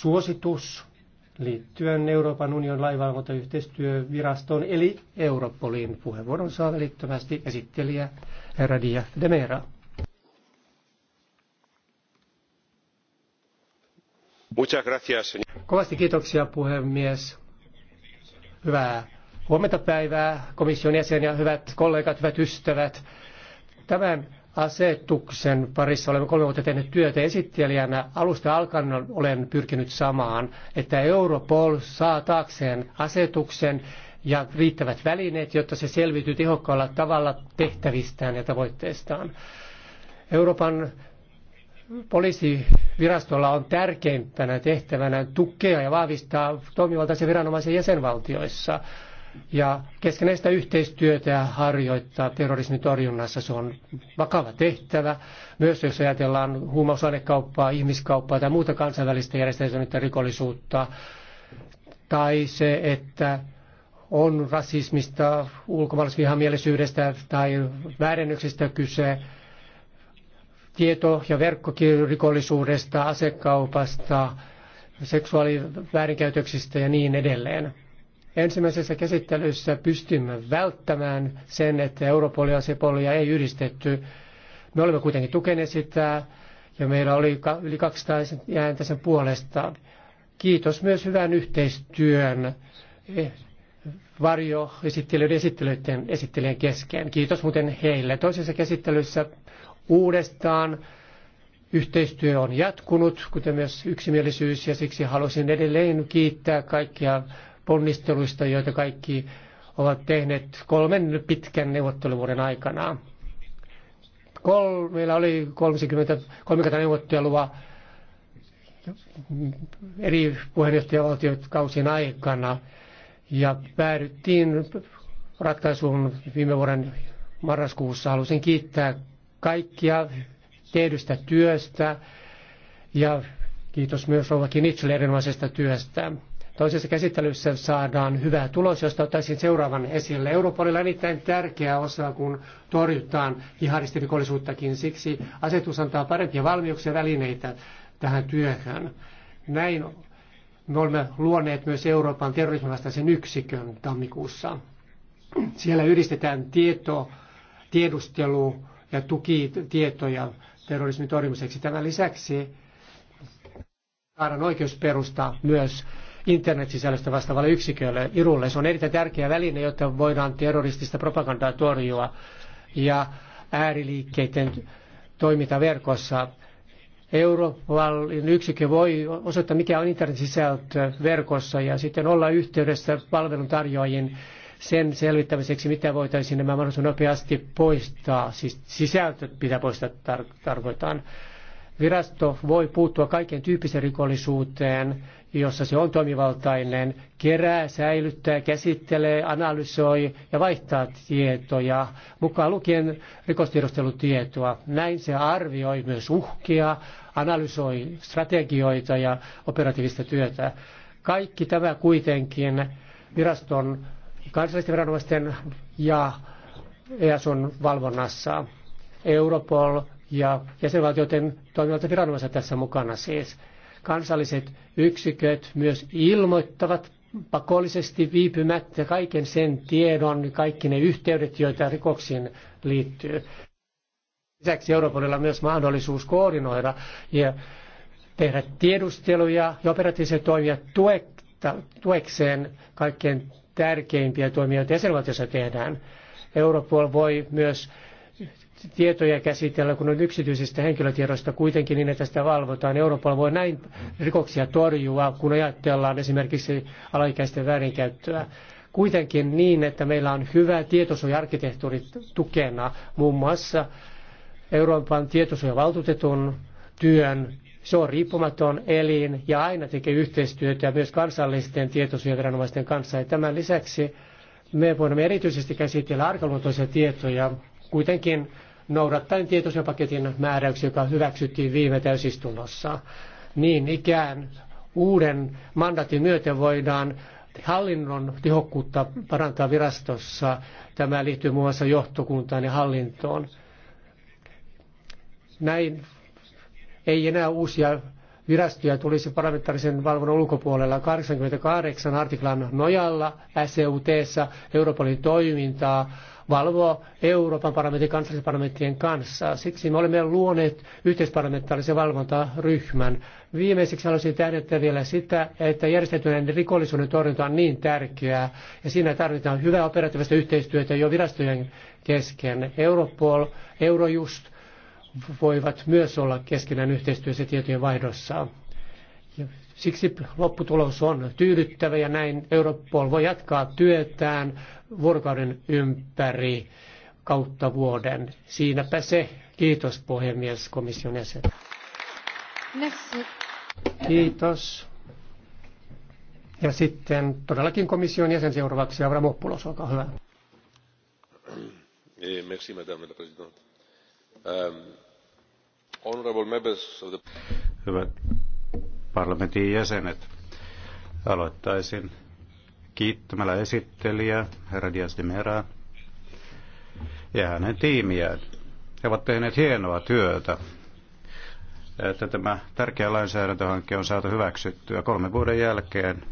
suositus liittyen Euroopan unionin laivanvalvontayhteistyövirastoon eli Europolin puheenvuoron saa välittömästi esittelijä herra Diaz de Mera. Kovasti kiitoksia puhemies. Hyvää huomenta päivää komission jäsen ja hyvät kollegat, hyvät ystävät. Tämän asetuksen parissa olemme kolme vuotta tehneet työtä esittelijänä. Alusta alkaen olen pyrkinyt samaan, että Europol saa taakseen asetuksen ja riittävät välineet, jotta se selviytyy tehokkaalla tavalla tehtävistään ja tavoitteistaan. Euroopan poliisivirastolla on tärkeimpänä tehtävänä tukea ja vahvistaa toimivaltaisia viranomaisia jäsenvaltioissa ja keskenäistä yhteistyötä harjoittaa terrorismin torjunnassa. Se on vakava tehtävä, myös jos ajatellaan huumausainekauppaa, ihmiskauppaa tai muuta kansainvälistä järjestäytynyttä rikollisuutta, tai se, että on rasismista, ulkomaalaisvihamielisyydestä tai väärennyksistä kyse, tieto- ja verkkorikollisuudesta, asekaupasta, seksuaaliväärinkäytöksistä ja niin edelleen. Ensimmäisessä käsittelyssä pystymme välttämään sen, että Europolia ja Sepolia ei yhdistetty. Me olemme kuitenkin tukeneet sitä ja meillä oli yli 200 ääntä sen puolesta. Kiitos myös hyvän yhteistyön eh, varjo esittelyiden esittelyiden esittelijän kesken. Kiitos muuten heille. Toisessa käsittelyssä uudestaan yhteistyö on jatkunut, kuten myös yksimielisyys, ja siksi halusin edelleen kiittää kaikkia ponnisteluista, joita kaikki ovat tehneet kolmen pitkän neuvotteluvuoden aikana. Kol, meillä oli 30, 30 neuvottelua eri puheenjohtajavaltiokausien aikana ja päädyttiin ratkaisuun viime vuoden marraskuussa. Haluaisin kiittää kaikkia tehdystä työstä ja kiitos myös Rouva Kinitsille erinomaisesta työstä toisessa käsittelyssä saadaan hyvä tulos, josta ottaisin seuraavan esille. Europolilla on erittäin tärkeä osa, kun torjutaan jihadistirikollisuuttakin. Siksi asetus antaa parempia valmiuksia välineitä tähän työhön. Näin me olemme luoneet myös Euroopan terrorismin yksikön tammikuussa. Siellä yhdistetään tieto, tiedustelu ja tukitietoja terrorismin torjumiseksi. Tämän lisäksi saadaan oikeusperusta myös internetsisällöstä vastaavalle yksikölle, Irulle. Se on erittäin tärkeä väline, jotta voidaan terroristista propagandaa torjua ja ääriliikkeiden toiminta verkossa. Euroopan yksikö voi osoittaa, mikä on internetsisältö verkossa ja sitten olla yhteydessä palveluntarjoajien sen selvittämiseksi, mitä voitaisiin nämä mahdollisimman nopeasti poistaa. Siis sisältöt pitää poistaa tar- tarkoitaan. Virasto voi puuttua kaiken tyyppiseen rikollisuuteen, jossa se on toimivaltainen, kerää, säilyttää, käsittelee, analysoi ja vaihtaa tietoja, mukaan lukien rikostiedustelutietoa. Näin se arvioi myös uhkia, analysoi strategioita ja operatiivista työtä. Kaikki tämä kuitenkin viraston kansallisten viranomaisten ja EASON valvonnassa. Europol, ja jäsenvaltioiden toimivalta viranomaiset tässä mukana siis. Kansalliset yksiköt myös ilmoittavat pakollisesti viipymättä kaiken sen tiedon, kaikki ne yhteydet, joita rikoksiin liittyy. Lisäksi Europolilla on myös mahdollisuus koordinoida ja tehdä tiedusteluja ja operatiivisia toimia tuekseen kaikkein tärkeimpiä toimia, joita jäsenvaltiossa tehdään. Europol voi myös tietoja käsitellä, kun on yksityisistä henkilötiedoista kuitenkin niin, että sitä valvotaan. Europol voi näin rikoksia torjua, kun ajatellaan esimerkiksi alaikäisten väärinkäyttöä. Kuitenkin niin, että meillä on hyvä tietosuoja-arkkitehtuuri tukena, muun muassa Euroopan tietosuojavaltuutetun työn. Se on riippumaton elin ja aina tekee yhteistyötä myös kansallisten tietosuojaviranomaisten kanssa. Ja tämän lisäksi me voimme erityisesti käsitellä arkaluontoisia tietoja, kuitenkin noudattaen tietoisen paketin määräyksiä, joka hyväksyttiin viime täysistunnossa. Niin ikään uuden mandatin myötä voidaan hallinnon tehokkuutta parantaa virastossa. Tämä liittyy muun muassa johtokuntaan ja hallintoon. Näin ei enää uusia virastoja tulisi parlamentaarisen valvonnan ulkopuolella 88 artiklan nojalla seut Europolin toimintaa valvoa Euroopan parlamentin kansallisen parlamenttien kanssa. Siksi me olemme luoneet yhteisparlamentaarisen valvontaryhmän. Viimeiseksi haluaisin tähdentää vielä sitä, että järjestäytyneen rikollisuuden torjunta on niin tärkeää ja siinä tarvitaan hyvää operatiivista yhteistyötä jo virastojen kesken. Europol, Eurojust voivat myös olla keskenään yhteistyössä tietojen vaihdossa. Siksi lopputulos on tyydyttävä ja näin Europol voi jatkaa työtään vuorokauden ympäri kautta vuoden. Siinäpä se. Kiitos puhemies komission jäsen. Merci. Kiitos. Ja sitten todellakin komission jäsen seuraavaksi Oppulos, olkaa hyvä. Eh, merci, madame la présidente. Um, honorable members of the... Hyvät parlamentin jäsenet. Aloittaisin kiittämällä esittelijää, herra Dias de Mera, ja hänen tiimiään. He ovat tehneet hienoa työtä, että tämä tärkeä lainsäädäntöhanke on saatu hyväksyttyä kolmen vuoden jälkeen,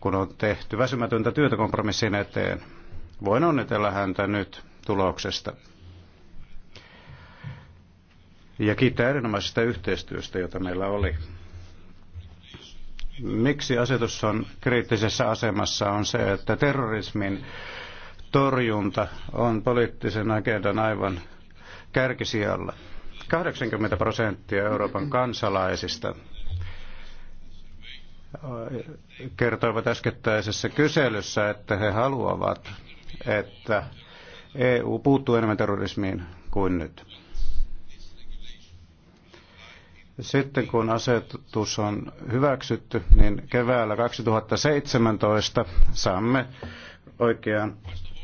kun on tehty väsymätöntä työtä kompromissin eteen. Voin onnitella häntä nyt tuloksesta ja kiittää erinomaisesta yhteistyöstä, jota meillä oli. Miksi asetus on kriittisessä asemassa on se, että terrorismin torjunta on poliittisen agendan aivan kärkisijalla. 80 prosenttia Euroopan kansalaisista kertoivat äskettäisessä kyselyssä, että he haluavat, että EU puuttuu enemmän terrorismiin kuin nyt. Sitten kun asetus on hyväksytty, niin keväällä 2017 saamme oikean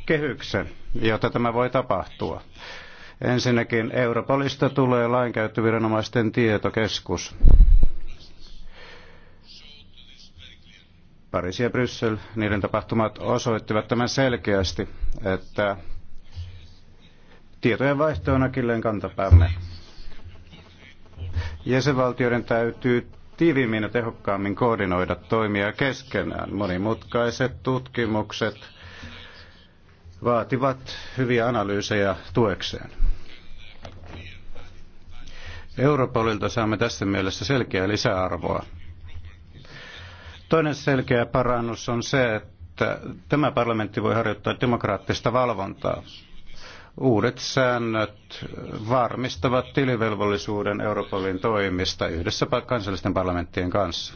kehyksen, jotta tämä voi tapahtua. Ensinnäkin Europolista tulee lainkäyttöviranomaisten tietokeskus. Pariisi ja Bryssel, niiden tapahtumat osoittivat tämän selkeästi, että tietojen vaihto on akilleen kantapäämme. Jäsenvaltioiden täytyy tiiviimmin ja tehokkaammin koordinoida toimia keskenään. Monimutkaiset tutkimukset vaativat hyviä analyysejä tuekseen. Europolilta saamme tässä mielessä selkeää lisäarvoa. Toinen selkeä parannus on se, että tämä parlamentti voi harjoittaa demokraattista valvontaa. Uudet säännöt varmistavat tilivelvollisuuden Europolin toimista yhdessä kansallisten parlamenttien kanssa.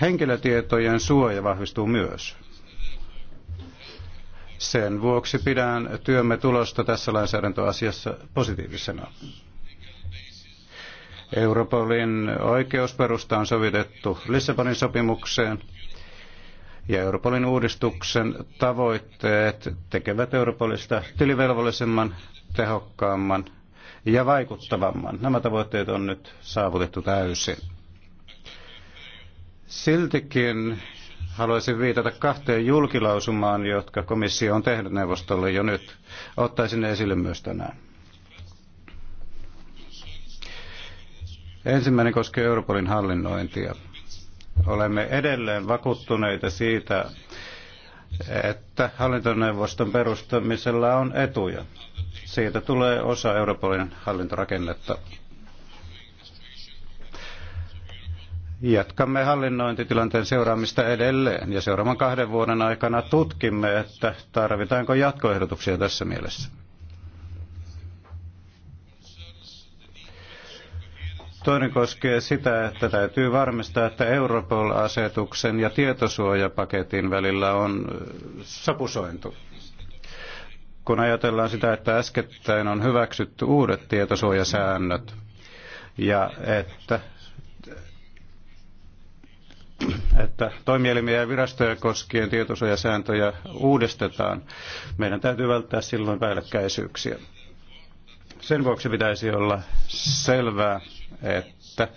Henkilötietojen suoja vahvistuu myös. Sen vuoksi pidän työmme tulosta tässä lainsäädäntöasiassa positiivisena. Europolin oikeusperusta on sovitettu Lissabonin sopimukseen ja Europolin uudistuksen tavoitteet tekevät Europolista tilivelvollisemman, tehokkaamman ja vaikuttavamman. Nämä tavoitteet on nyt saavutettu täysin. Siltikin haluaisin viitata kahteen julkilausumaan, jotka komissio on tehnyt neuvostolle jo nyt. Ottaisin ne esille myös tänään. Ensimmäinen koskee Europolin hallinnointia. Olemme edelleen vakuuttuneita siitä, että hallintoneuvoston perustamisella on etuja. Siitä tulee osa Europolin hallintorakennetta. Jatkamme hallinnointitilanteen seuraamista edelleen ja seuraavan kahden vuoden aikana tutkimme, että tarvitaanko jatkoehdotuksia tässä mielessä. Toinen koskee sitä, että täytyy varmistaa, että Europol-asetuksen ja tietosuojapaketin välillä on sapusointu. Kun ajatellaan sitä, että äskettäin on hyväksytty uudet tietosuojasäännöt ja että että toimielimiä ja virastoja koskien tietosuojasääntöjä uudistetaan. Meidän täytyy välttää silloin päällekkäisyyksiä. Sen vuoksi pitäisi olla selvää, että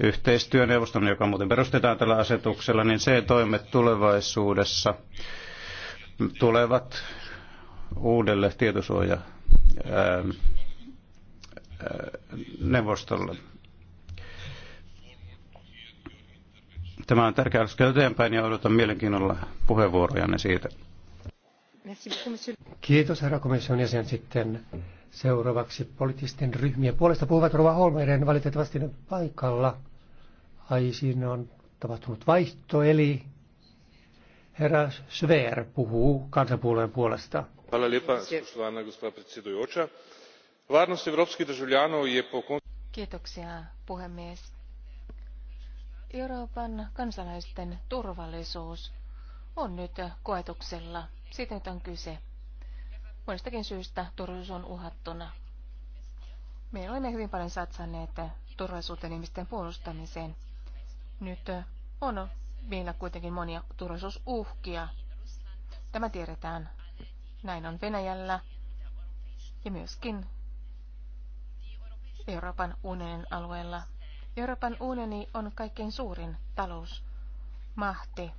yhteistyöneuvoston, joka muuten perustetaan tällä asetuksella, niin se toimet tulevaisuudessa tulevat uudelle tietosuoja neuvostolle. Tämä on tärkeä askel eteenpäin ja odotan mielenkiinnolla puheenvuorojanne siitä. Kiitos herra komission jäsen sitten Seuraavaksi poliittisten ryhmien puolesta puhuvat Rova Holmeiden valitettavasti paikalla. Ai siinä on tapahtunut vaihto, eli herra Sveer puhuu kansanpuolueen puolesta. Kiitoksia puhemies. Euroopan kansalaisten turvallisuus on nyt koetuksella. Siitä nyt on kyse. Monestakin syystä turvallisuus on uhattuna. Me olemme hyvin paljon satsanneet turvallisuuteen ihmisten puolustamiseen. Nyt on vielä kuitenkin monia turvallisuusuhkia. Tämä tiedetään. Näin on Venäjällä ja myöskin Euroopan unionin alueella. Euroopan unioni on kaikkein suurin talousmahti.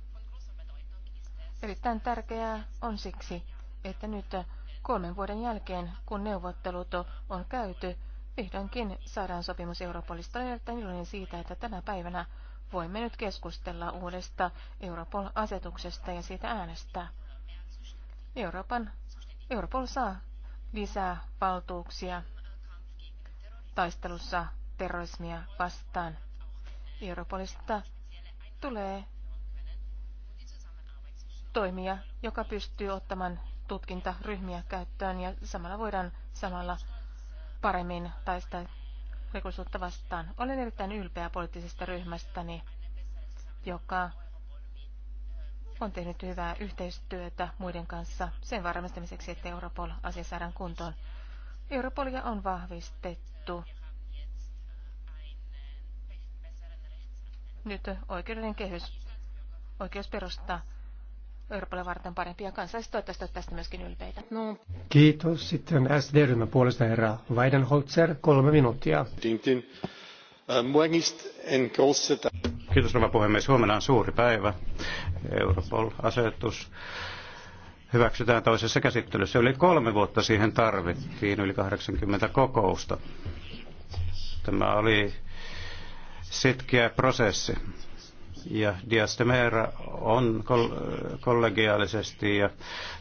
Erittäin tärkeää on siksi, että nyt Kolmen vuoden jälkeen, kun neuvottelut on käyty, vihdoinkin saadaan sopimus Europolista. erittäin iloinen siitä, että tänä päivänä voimme nyt keskustella uudesta Europol-asetuksesta ja siitä äänestää. Euroopan, Europol saa lisää valtuuksia taistelussa terrorismia vastaan. Europolista tulee toimija, joka pystyy ottamaan tutkintaryhmiä käyttöön ja samalla voidaan samalla paremmin taistaa rikollisuutta vastaan. Olen erittäin ylpeä poliittisesta ryhmästäni, joka on tehnyt hyvää yhteistyötä muiden kanssa sen varmistamiseksi, että Europol asia saadaan kuntoon. Europolia on vahvistettu. Nyt oikeudellinen kehys, perustaa Euroopalle varten parempia kansalaiset. Toivottavasti olet tästä myöskin ylpeitä. No. Kiitos. Sitten SD-ryhmän puolesta herra Weidenholzer, kolme minuuttia. Äh, Kiitos rouva puhemies. Huomenna on suuri päivä. Europol-asetus hyväksytään toisessa käsittelyssä. Yli kolme vuotta siihen tarvittiin, yli 80 kokousta. Tämä oli sitkeä prosessi. Ja Diastemera on kollegiaalisesti ja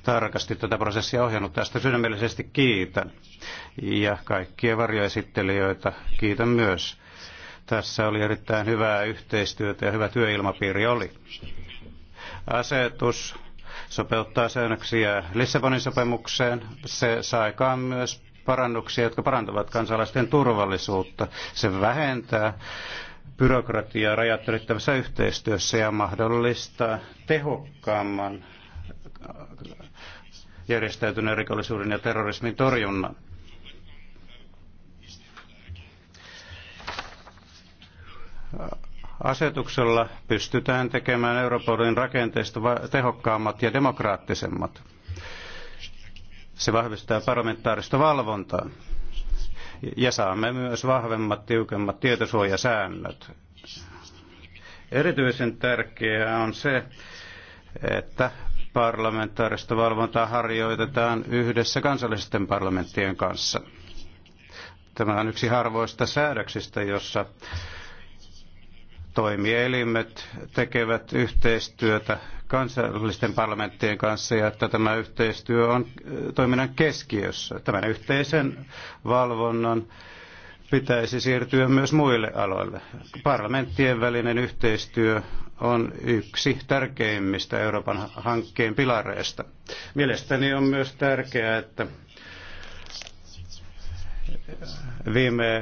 tarkasti tätä prosessia ohjannut. Tästä sydämellisesti kiitän. Ja kaikkia varjoesittelijöitä kiitän myös. Tässä oli erittäin hyvää yhteistyötä ja hyvä työilmapiiri oli. Asetus sopeuttaa säännöksiä Lissabonin sopimukseen. Se saikaan myös parannuksia, jotka parantavat kansalaisten turvallisuutta. Se vähentää byrokratiaa rajat ylittävässä yhteistyössä ja mahdollistaa tehokkaamman järjestäytyneen rikollisuuden ja terrorismin torjunnan. Asetuksella pystytään tekemään Europolin rakenteista tehokkaammat ja demokraattisemmat. Se vahvistaa parlamentaarista valvontaa ja saamme myös vahvemmat, tiukemmat tietosuojasäännöt. Erityisen tärkeää on se, että parlamentaarista valvontaa harjoitetaan yhdessä kansallisten parlamenttien kanssa. Tämä on yksi harvoista säädöksistä, jossa toimielimet tekevät yhteistyötä kansallisten parlamenttien kanssa ja että tämä yhteistyö on eh, toiminnan keskiössä. Tämän yhteisen valvonnan pitäisi siirtyä myös muille aloille. Parlamenttien välinen yhteistyö on yksi tärkeimmistä Euroopan hankkeen pilareista. Mielestäni on myös tärkeää, että viime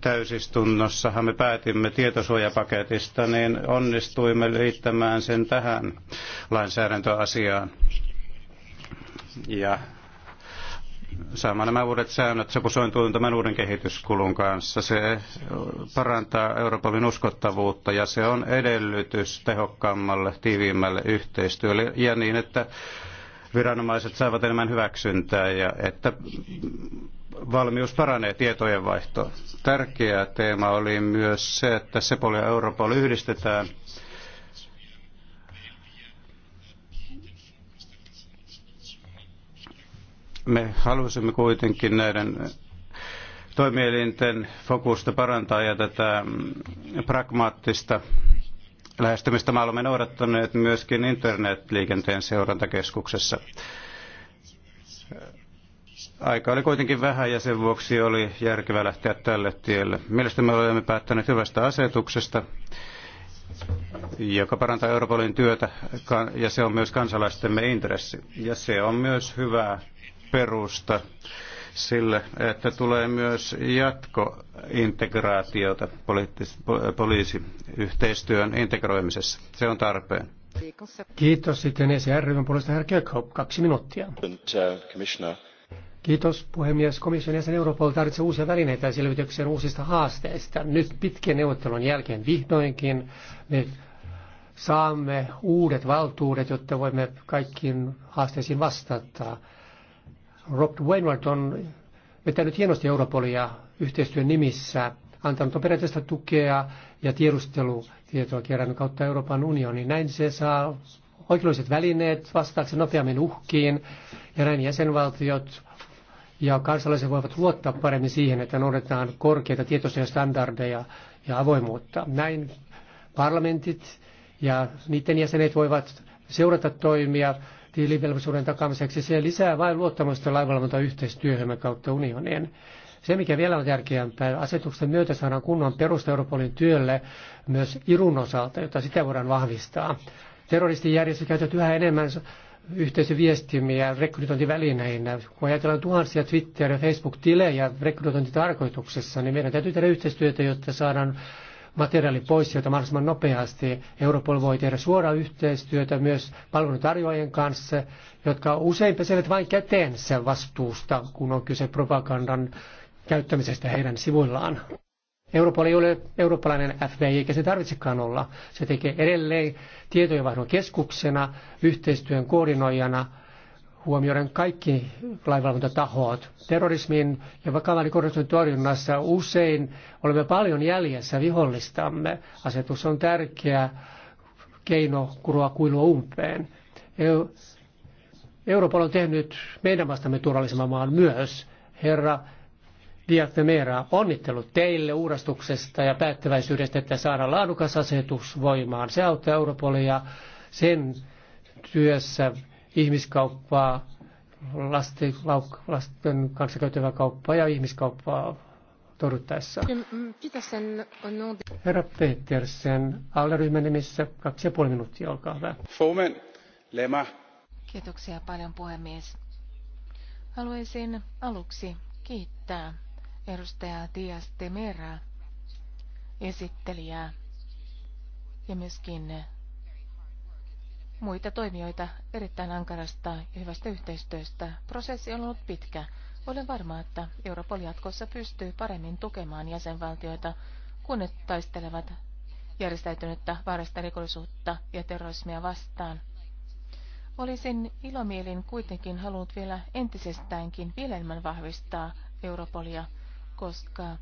täysistunnossahan me päätimme tietosuojapaketista, niin onnistuimme liittämään sen tähän lainsäädäntöasiaan. Ja saamaan nämä uudet säännöt sopusointuun tämän uuden kehityskulun kanssa. Se parantaa Euroopan uskottavuutta ja se on edellytys tehokkaammalle, tiiviimmälle yhteistyölle ja niin, että viranomaiset saavat enemmän hyväksyntää ja että valmius paranee tietojenvaihtoon. Tärkeä teema oli myös se, että Sepol ja Europol yhdistetään. Me halusimme kuitenkin näiden toimielinten fokusta parantaa ja tätä pragmaattista Lähestymistämme olemme noudattaneet myöskin internetliikenteen seurantakeskuksessa. Aika oli kuitenkin vähän ja sen vuoksi oli järkevää lähteä tälle tielle. Mielestäni me olemme päättäneet hyvästä asetuksesta, joka parantaa Europolin työtä ja se on myös kansalaistemme intressi. Ja se on myös hyvä perusta sille, että tulee myös jatkointegraatiota poliisiyhteistyön integroimisessa. Se on tarpeen. Kiitos sitten ECR-ryhmän puolesta herra Kirkhope, kaksi minuuttia. Kiitos puhemies. Komission jäsen Europol tarvitsee uusia välineitä selvitykseen uusista haasteista. Nyt pitkän neuvottelun jälkeen vihdoinkin me saamme uudet valtuudet, jotta voimme kaikkiin haasteisiin vastata. Rob Wainwright on vetänyt hienosti Europolia yhteistyön nimissä, antanut operatiivista tukea ja tiedustelutietoa kerännyt kautta Euroopan unioni Näin se saa oikeudelliset välineet vastaakseen nopeammin uhkiin ja näin jäsenvaltiot ja kansalaiset voivat luottaa paremmin siihen, että noudatetaan korkeita tietoisia standardeja ja avoimuutta. Näin parlamentit ja niiden jäsenet voivat seurata toimia tilivelvollisuuden takaamiseksi. Se lisää vain luottamusta laivalvonta yhteistyöhön kautta unionien. Se, mikä vielä on tärkeämpää, asetuksen myötä saadaan kunnon perusta Europolin työlle myös Irun osalta, jota sitä voidaan vahvistaa. Terroristijärjestöt käytetään yhä enemmän yhteisöviestimiä rekrytointivälineinä. Kun ajatellaan tuhansia Twitter- ja Facebook-tilejä rekrytointitarkoituksessa, niin meidän täytyy tehdä yhteistyötä, jotta saadaan materiaali pois sieltä mahdollisimman nopeasti. Europol voi tehdä suoraa yhteistyötä myös palveluntarjoajien kanssa, jotka usein pesevät vain käteensä vastuusta, kun on kyse propagandan käyttämisestä heidän sivuillaan. Europol ei ole eurooppalainen FBI, eikä se tarvitsekaan olla. Se tekee edelleen tietojenvaihdon keskuksena, yhteistyön koordinoijana – huomioiden kaikki lainvalvontatahot. Terrorismin ja vakavan rikollisuuden torjunnassa usein olemme paljon jäljessä vihollistamme. Asetus on tärkeä keino kuroa kuilua umpeen. Euroopan on tehnyt meidän maastamme turvallisemman maan myös. Herra Diaz de Mera, onnittelut teille uurastuksesta ja päättäväisyydestä, että saadaan laadukas asetus voimaan. Se auttaa Europolia sen työssä ihmiskauppaa, lasten, lauk, lasten kanssa käytävää kauppaa ja ihmiskauppaa torjuttaessa. Herra Petersen, alleryhmän nimissä kaksi ja puoli minuuttia, olkaa hyvä. Suomen lema. Kiitoksia paljon puhemies. Haluaisin aluksi kiittää edustaja Dias Temera, esittelijää ja myöskin muita toimijoita erittäin ankarasta ja hyvästä yhteistyöstä. Prosessi on ollut pitkä. Olen varma, että Europol jatkossa pystyy paremmin tukemaan jäsenvaltioita, kun ne taistelevat järjestäytynyttä vaarasta rikollisuutta ja terrorismia vastaan. Olisin ilomielin kuitenkin halunnut vielä entisestäänkin vielä enemmän vahvistaa Europolia, koska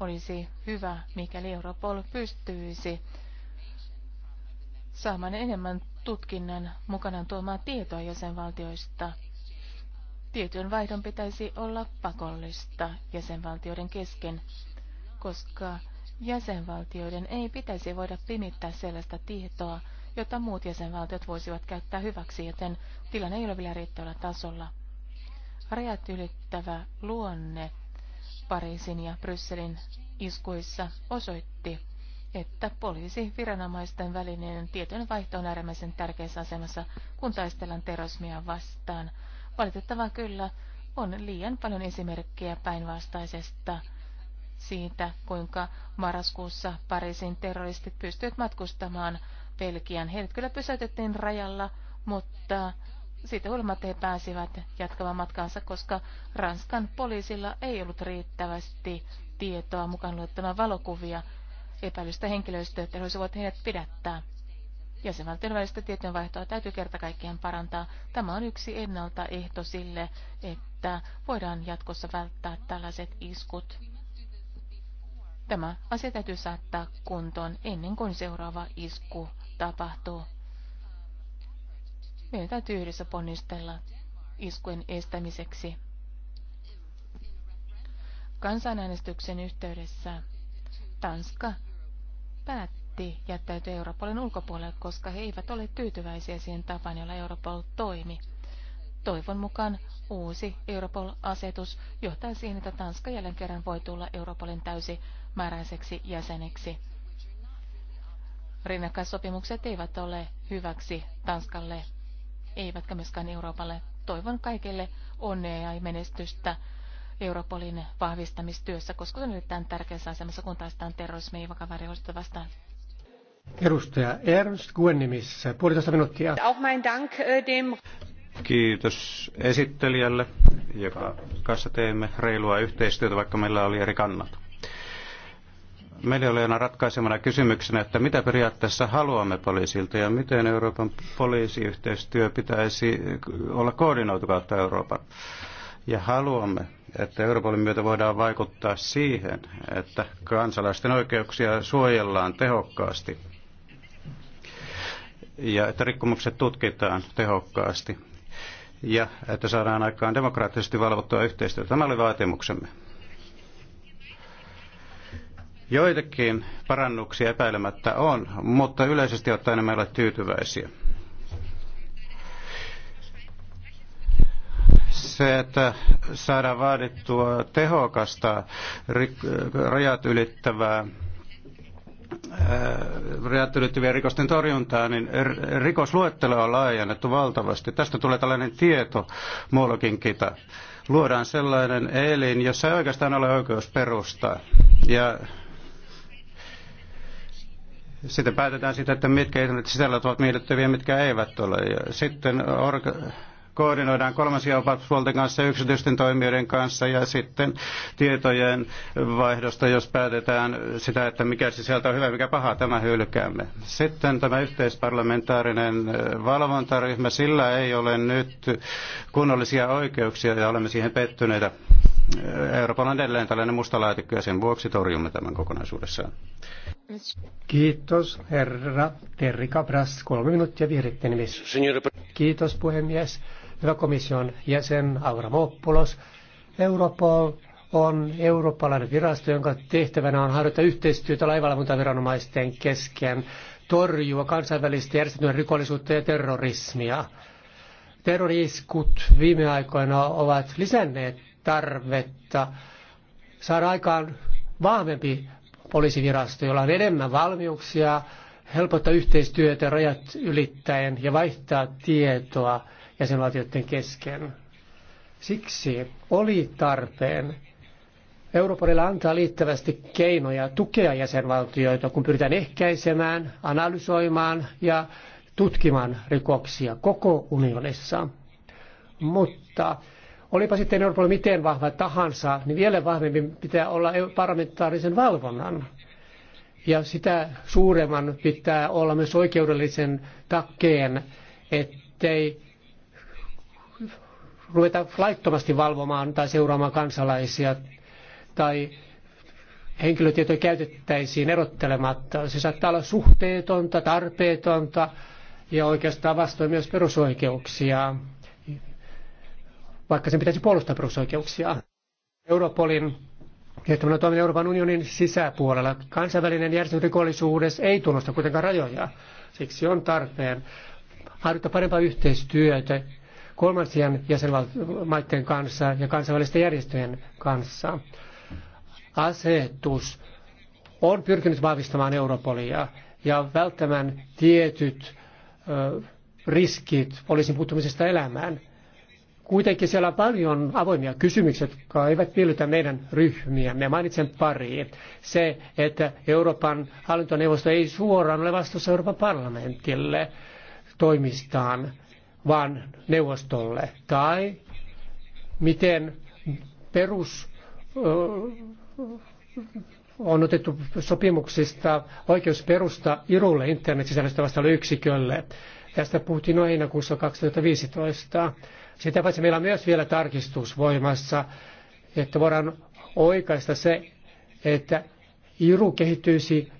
olisi hyvä, mikäli Europol pystyisi saamaan enemmän tutkinnan mukanaan tuomaa tietoa jäsenvaltioista. Tietojen vaihdon pitäisi olla pakollista jäsenvaltioiden kesken, koska jäsenvaltioiden ei pitäisi voida pimittää sellaista tietoa, jota muut jäsenvaltiot voisivat käyttää hyväksi, joten tilanne ei ole vielä riittävällä tasolla. Rajat ylittävä luonne Pariisin ja Brysselin iskuissa osoitti, että viranomaisten välinen tietojenvaihto vaihto on äärimmäisen tärkeässä asemassa, kun taistellaan terrorismia vastaan. Valitettavaa kyllä on liian paljon esimerkkejä päinvastaisesta siitä, kuinka marraskuussa Pariisin terroristit pystyivät matkustamaan Belgian. Heidät kyllä pysäytettiin rajalla, mutta siitä huolimatta he pääsivät jatkamaan matkaansa, koska Ranskan poliisilla ei ollut riittävästi tietoa mukaan luettuna valokuvia epäilystä henkilöistä, että he olisivat heidät pidättää. Jäsenvaltion välistä tietojenvaihtoa täytyy kerta kaikkiaan parantaa. Tämä on yksi ennaltaehto sille, että voidaan jatkossa välttää tällaiset iskut. Tämä asia täytyy saattaa kuntoon ennen kuin seuraava isku tapahtuu. Meidän täytyy yhdessä ponnistella iskujen estämiseksi. Kansanäänestyksen yhteydessä Tanska päätti jättäytyä Europolin ulkopuolelle, koska he eivät ole tyytyväisiä siihen tapaan, jolla Europol toimi. Toivon mukaan uusi Europol-asetus johtaa siihen, että Tanska jälleen kerran voi tulla Europolin täysimääräiseksi jäseneksi. Rinnakkaissopimukset eivät ole hyväksi Tanskalle, eivätkä myöskään Euroopalle. Toivon kaikille onnea ja menestystä Europolin vahvistamistyössä, koska se on erittäin tärkeässä asemassa, kun taistetaan terrorismiin vakavariollisuutta vastaan. Edustaja Ernst Guen puolitoista minuuttia. Äh, Kiitos esittelijälle, joka kanssa teemme reilua yhteistyötä, vaikka meillä oli eri kannat. Meillä oli aina ratkaisemana kysymyksenä, että mitä periaatteessa haluamme poliisilta ja miten Euroopan poliisiyhteistyö pitäisi olla koordinoitu kautta Euroopan. Ja haluamme että Europolin myötä voidaan vaikuttaa siihen, että kansalaisten oikeuksia suojellaan tehokkaasti ja että rikkomukset tutkitaan tehokkaasti ja että saadaan aikaan demokraattisesti valvottua yhteistyötä. Tämä oli vaatimuksemme. Joitakin parannuksia epäilemättä on, mutta yleisesti ottaen emme ole tyytyväisiä. se, että saadaan vaadittua tehokasta rajat ylittävää äh, rajat ylittävien rikosten torjuntaa, niin rikosluettelo on laajennettu valtavasti. Tästä tulee tällainen tieto muullakin kita. Luodaan sellainen elin, jossa ei oikeastaan ole oikeus perustaa. Ja sitten päätetään siitä, että mitkä sisällä ovat miellyttäviä, mitkä eivät ole. Ja sitten orga- koordinoidaan kolmansien osapuolten kanssa, yksityisten toimijoiden kanssa ja sitten tietojen vaihdosta, jos päätetään sitä, että mikä sisältö on hyvä, mikä paha, tämä hylkäämme. Sitten tämä yhteisparlamentaarinen valvontaryhmä, sillä ei ole nyt kunnollisia oikeuksia ja olemme siihen pettyneitä. Euroopan on edelleen tällainen musta laatikko ja sen vuoksi torjumme tämän kokonaisuudessaan. Kiitos herra Terri Cabras. Kolme minuuttia vihreitten nimissä. Kiitos puhemies. Hyvä komission jäsen Moppulos. Europol on eurooppalainen virasto, jonka tehtävänä on harjoittaa yhteistyötä laivalvontaviranomaisten kesken, torjua kansainvälistä järjestettyä rikollisuutta ja terrorismia. Terroriskut viime aikoina ovat lisänneet tarvetta saada aikaan vahvempi poliisivirasto, jolla on enemmän valmiuksia helpottaa yhteistyötä rajat ylittäen ja vaihtaa tietoa jäsenvaltioiden kesken. Siksi oli tarpeen Europolilla antaa liittävästi keinoja tukea jäsenvaltioita, kun pyritään ehkäisemään, analysoimaan ja tutkimaan rikoksia koko unionissa. Mutta Olipa sitten Euroopan miten vahva tahansa, niin vielä vahvemmin pitää olla parlamentaarisen valvonnan. Ja sitä suuremman pitää olla myös oikeudellisen takkeen, ettei ruveta laittomasti valvomaan tai seuraamaan kansalaisia tai henkilötietoja käytettäisiin erottelematta. Se saattaa olla suhteetonta, tarpeetonta ja oikeastaan vastoin myös perusoikeuksia vaikka sen pitäisi puolustaa perusoikeuksia. Europolin kehittämänä toimii Euroopan unionin sisäpuolella. Kansainvälinen rikollisuudessa ei tunnusta kuitenkaan rajoja. Siksi on tarpeen harjoittaa parempaa yhteistyötä kolmansien jäsenmaiden kanssa ja kansainvälisten järjestöjen kanssa. Asetus on pyrkinyt vahvistamaan Europolia ja välttämään tietyt ö, riskit poliisin puuttumisesta elämään. Kuitenkin siellä on paljon avoimia kysymyksiä, jotka eivät miellytä meidän ryhmiä. Me mainitsen pari. Se, että Euroopan hallintoneuvosto ei suoraan ole vastuussa Euroopan parlamentille toimistaan, vaan neuvostolle. Tai miten perus on otettu sopimuksista oikeusperusta Irulle internetsisällöstä vastaavalle yksikölle. Tästä puhuttiin noin heinäkuussa 2015. Sitä paitsi meillä on myös vielä tarkistus voimassa, että voidaan oikaista se, että Iru kehittyisi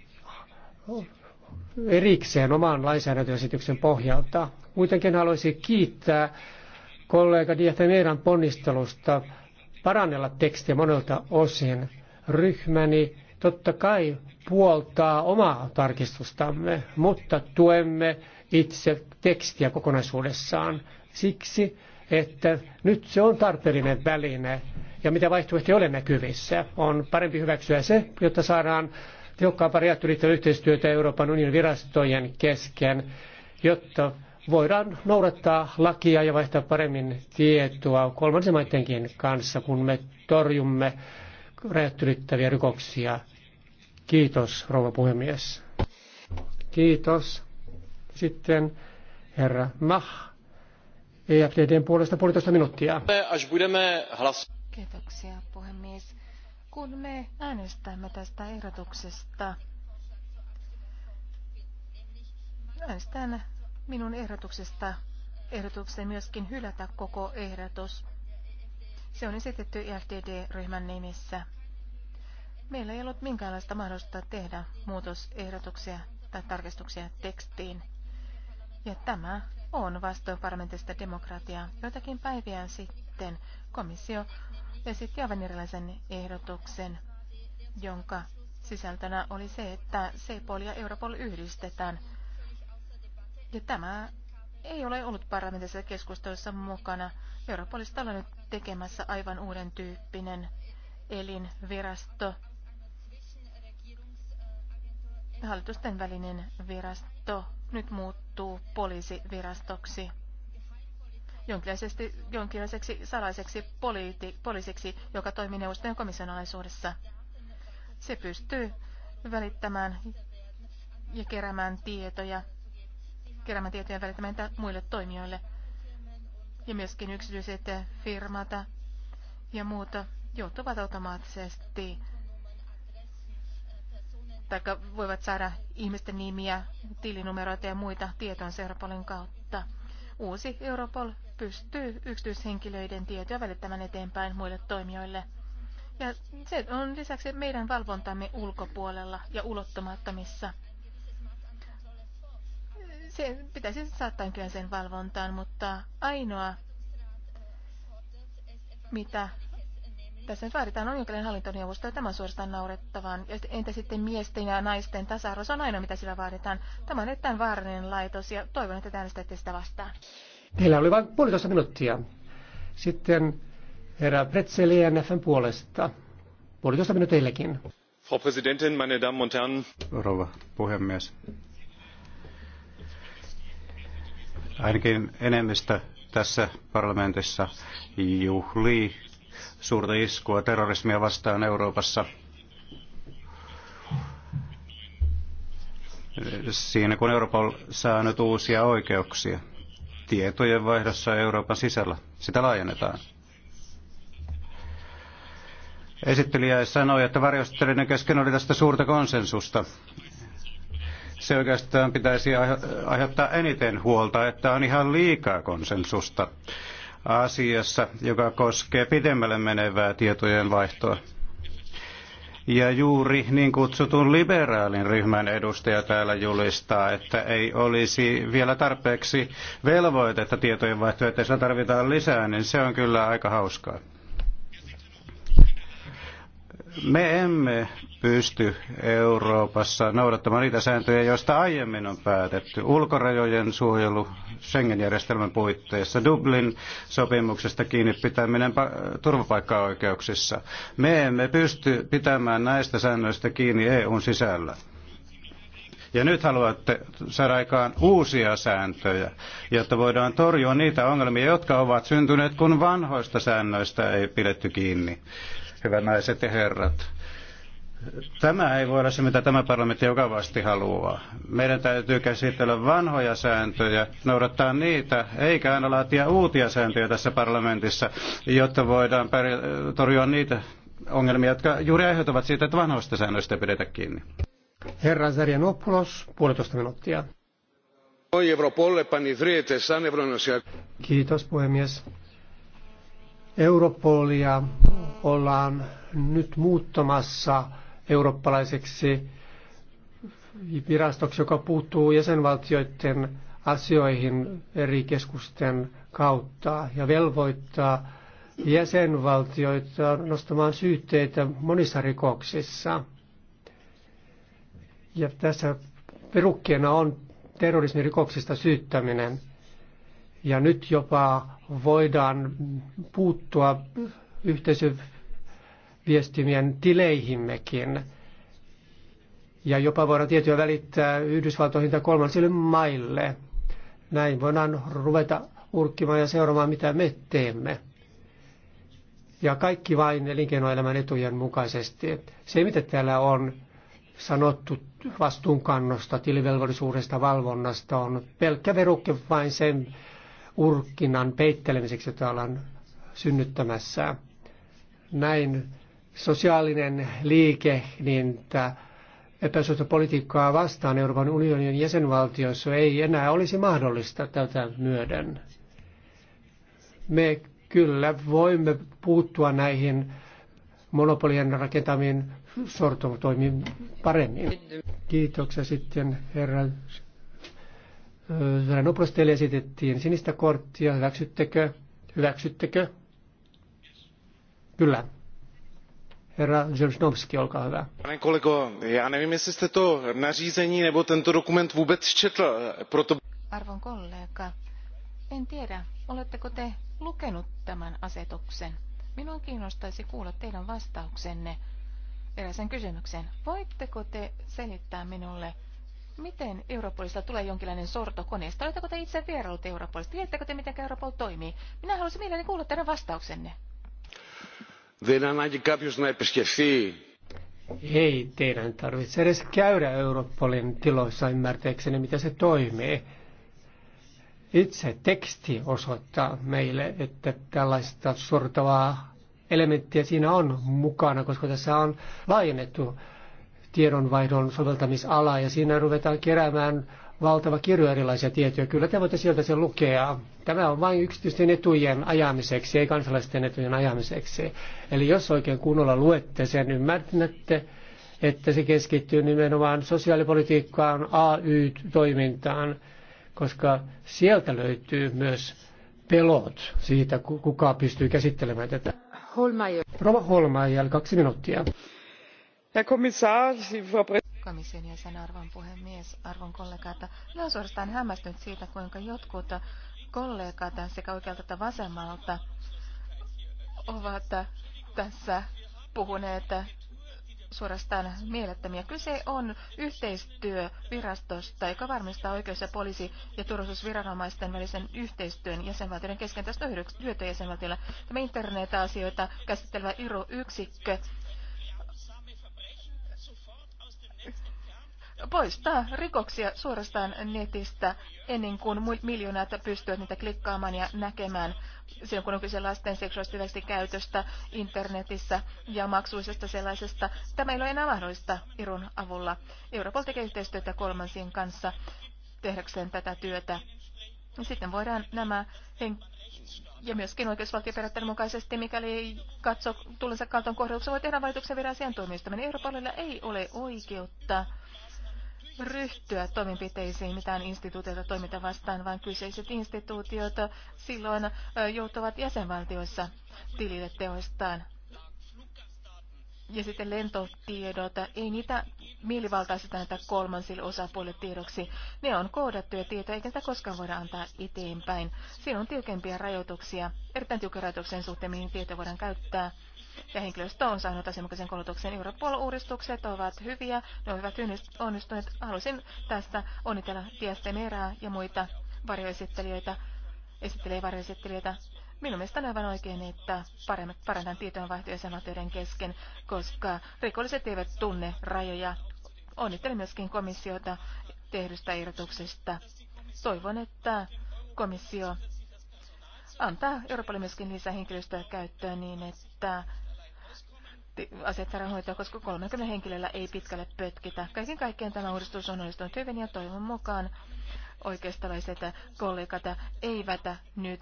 erikseen oman lainsäädäntöesityksen pohjalta. Kuitenkin haluaisin kiittää kollega Diettä meidän ponnistelusta parannella tekstiä monelta osin. Ryhmäni totta kai puoltaa omaa tarkistustamme, mutta tuemme itse tekstiä kokonaisuudessaan. Siksi että nyt se on tarpeellinen väline ja mitä vaihtoehtoja ole näkyvissä. On parempi hyväksyä se, jotta saadaan tehokkaampaa rajat ylittävää yhteistyötä Euroopan unionin virastojen kesken, jotta voidaan noudattaa lakia ja vaihtaa paremmin tietoa kolmansien maidenkin kanssa, kun me torjumme rajat ylittäviä rikoksia. Kiitos, rouva puhemies. Kiitos. Sitten herra Mah EFDDn puolesta puolitoista minuuttia. Kiitoksia puhemies. Kun me äänestämme tästä ehdotuksesta, äänestän minun ehdotuksesta ehdotuksen myöskin hylätä koko ehdotus. Se on esitetty efdd ryhmän nimissä. Meillä ei ollut minkäänlaista mahdollisuutta tehdä muutosehdotuksia tai tarkistuksia tekstiin. Ja tämä on vastoin parlamentista demokratiaa. Joitakin päiviä sitten komissio esitti aivan erilaisen ehdotuksen, jonka sisältönä oli se, että CEPOL ja Europol yhdistetään. Ja tämä ei ole ollut parlamentissa keskustelussa mukana. Europolista ollaan nyt tekemässä aivan uuden tyyppinen elinvirasto, hallitusten välinen virasto nyt muuttuu poliisivirastoksi, jonkinlaiseksi, jonkinlaiseksi salaiseksi poliiti, poliisiksi, joka toimii neuvostojen komission alaisuudessa. Se pystyy välittämään ja keräämään tietoja, keräämään tietoja ja välittämään muille toimijoille. Ja myöskin yksityiset firmat ja muuta joutuvat automaattisesti tai voivat saada ihmisten nimiä, tilinumeroita ja muita tietoa Europolin kautta. Uusi Europol pystyy yksityishenkilöiden tietoja välittämään eteenpäin muille toimijoille. Ja se on lisäksi meidän valvontamme ulkopuolella ja ulottumattomissa. Se pitäisi saattaa kyllä sen valvontaan, mutta ainoa, mitä tässä nyt vaaditaan on jonkinlainen hallintoneuvosto ja tämä on suorastaan naurettavaan. Ja entä sitten miesten ja naisten tasa-arvo? Se on ainoa, mitä sillä vaaditaan. Tämä on erittäin vaarallinen laitos ja toivon, että te äänestätte sitä vastaan. Teillä oli vain puolitoista minuuttia. Sitten herra Pretzeli e NFn puolesta. Puolitoista minuuttia teillekin. Frau Präsidentin, meine Damen und Herren. Rouva puhemies. Ainakin enemmistö tässä parlamentissa juhlii suurta iskua terrorismia vastaan Euroopassa. Siinä kun Eurooppa saa nyt uusia oikeuksia tietojen vaihdossa Euroopan sisällä, sitä laajennetaan. Esittelijä sanoi, että varjostelijan kesken oli tästä suurta konsensusta se oikeastaan pitäisi aiheuttaa eniten huolta, että on ihan liikaa konsensusta asiassa, joka koskee pidemmälle menevää tietojen vaihtoa. Ja juuri niin kutsutun liberaalin ryhmän edustaja täällä julistaa, että ei olisi vielä tarpeeksi velvoitetta tietojenvaihtoa, että sitä tarvitaan lisää, niin se on kyllä aika hauskaa. Me emme pysty Euroopassa noudattamaan niitä sääntöjä, joista aiemmin on päätetty. Ulkorajojen suojelu Schengen-järjestelmän puitteissa, Dublin-sopimuksesta kiinni pitäminen turvapaikkaoikeuksissa. Me emme pysty pitämään näistä säännöistä kiinni EUn sisällä. Ja nyt haluatte saada aikaan uusia sääntöjä, jotta voidaan torjua niitä ongelmia, jotka ovat syntyneet, kun vanhoista säännöistä ei pidetty kiinni hyvät naiset ja herrat. Tämä ei voi olla se, mitä tämä parlamentti jokavasti haluaa. Meidän täytyy käsitellä vanhoja sääntöjä, noudattaa niitä, eikä aina laatia uusia sääntöjä tässä parlamentissa, jotta voidaan torjua niitä ongelmia, jotka juuri aiheutuvat siitä, että vanhoista säännöistä pidetä kiinni. Herra Zarianopoulos, puolitoista minuuttia. Kiitos puhemies. Europolia ollaan nyt muuttamassa eurooppalaiseksi virastoksi, joka puuttuu jäsenvaltioiden asioihin eri keskusten kautta ja velvoittaa jäsenvaltioita nostamaan syytteitä monissa rikoksissa. Ja tässä perukkeena on terrorismirikoksista syyttäminen. Ja nyt jopa voidaan puuttua yhteisöviestimien tileihimmekin. Ja jopa voidaan tietoja välittää Yhdysvaltoihin tai kolmansille maille. Näin voidaan ruveta urkkimaan ja seuraamaan, mitä me teemme. Ja kaikki vain elinkeinoelämän etujen mukaisesti. Se, mitä täällä on sanottu vastuunkannosta, tilivelvollisuudesta, valvonnasta, on pelkkä verukke vain sen urkinnan peittelemiseksi, jota ollaan synnyttämässä. Näin sosiaalinen liike, niin tämä epäsuhta politiikkaa vastaan Euroopan unionin jäsenvaltioissa ei enää olisi mahdollista tältä myöden. Me kyllä voimme puuttua näihin monopolien rakentamiin sortotoimiin paremmin. Kiitoksia sitten herra Ranopulos teille esitettiin sinistä korttia. Hyväksyttekö? Hyväksyttekö? Kyllä. Herra Zemsnovski, olkaa hyvä. Pane kolego, já nevím, jestli jste to nařízení nebo tento dokument vůbec četl. Proto... Arvon kollega, en tiedä, oletteko te lukenut tämän asetuksen? Minua kiinnostaisi kuulla teidän vastauksenne eräisen kysymyksen. Voitteko te selittää minulle, Miten Europolista tulee jonkinlainen sortokoneesta? Oletteko te itse vierailut Europolista? Tiedättekö te, miten Europol toimii? Minä haluaisin mielelläni kuulla teidän vastauksenne. Ei teidän tarvitse edes käydä Europolin tiloissa ymmärtääkseni, mitä se toimii. Itse teksti osoittaa meille, että tällaista sortavaa elementtiä siinä on mukana, koska tässä on laajennettu tiedonvaihdon soveltamisala ja siinä ruvetaan keräämään valtava kirjo erilaisia tietoja. Kyllä te voitte sieltä sen lukea. Tämä on vain yksityisten etujen ajamiseksi, ei kansalaisten etujen ajamiseksi. Eli jos oikein kunnolla luette sen, ymmärrätte, että se keskittyy nimenomaan sosiaalipolitiikkaan, AY-toimintaan, koska sieltä löytyy myös pelot siitä, kuka pystyy käsittelemään tätä. Holmaier. Rova Holmaier, kaksi minuuttia herr kommissar frau präsidentin komission jäsen arvon puhemies arvon kollegat minä olen suorastaan hämmästynyt siitä kuinka jotkut kollegat sekä oikealta että vasemmalta ovat tässä puhuneet suorastaan mielettömiä. Kyse on yhteistyövirastosta, joka varmistaa oikeus- ja poliisi- ja turvallisuusviranomaisten välisen yhteistyön jäsenvaltioiden kesken. Tästä hyötyä jäsenvaltioille. Tämä internet-asioita käsittelevä IRO-yksikkö poistaa rikoksia suorastaan netistä ennen kuin miljoonat pystyvät niitä klikkaamaan ja näkemään silloin kun on kyse lasten seksuaalisesti käytöstä internetissä ja maksuisesta sellaisesta. Tämä ei ole enää mahdollista Irun avulla. Europol tekee yhteistyötä kolmansien kanssa tehdäkseen tätä työtä. Sitten voidaan nämä ja myöskin oikeusvaltioperiaatteen mukaisesti, mikäli katso tullensa kaltoon kohdelluksi, voi tehdä valituksen virallisen tuomioistuimen. Europolilla ei ole oikeutta ryhtyä toimenpiteisiin mitään instituutioita toiminta vastaan, vaan kyseiset instituutiot silloin joutuvat jäsenvaltioissa tilille teoistaan. Ja sitten lentotiedot, ei niitä mielivaltaisesti näitä kolmansille osapuolille tiedoksi. Ne on koodattuja tietoja, eikä sitä koskaan voida antaa eteenpäin. Siinä on tiukempia rajoituksia, erittäin tiukkoja rajoituksen suhteen, mihin tietoja voidaan käyttää ja henkilöstö on saanut asianmukaisen koulutuksen. Europol-uudistukset ovat hyviä, ne ovat onnistuneet. Haluaisin tästä onnitella Tieste Merää ja muita varjoesittelijöitä, esittelee varjoesittelijöitä. Minun mielestäni on aivan oikein, että parannan tietojenvaihtoja sanatioiden kesken, koska rikolliset eivät tunne rajoja. Onnittelen myöskin komissiota tehdystä ehdotuksesta. Toivon, että komissio antaa Euroopalle myöskin lisää henkilöstöä käyttöön niin, että asiat rahoittaa, koska 30 henkilöllä ei pitkälle pötkitä. Kaiken kaikkiaan tämä uudistus on onnistunut hyvin ja toivon mukaan oikeistolaiset kollegat eivät nyt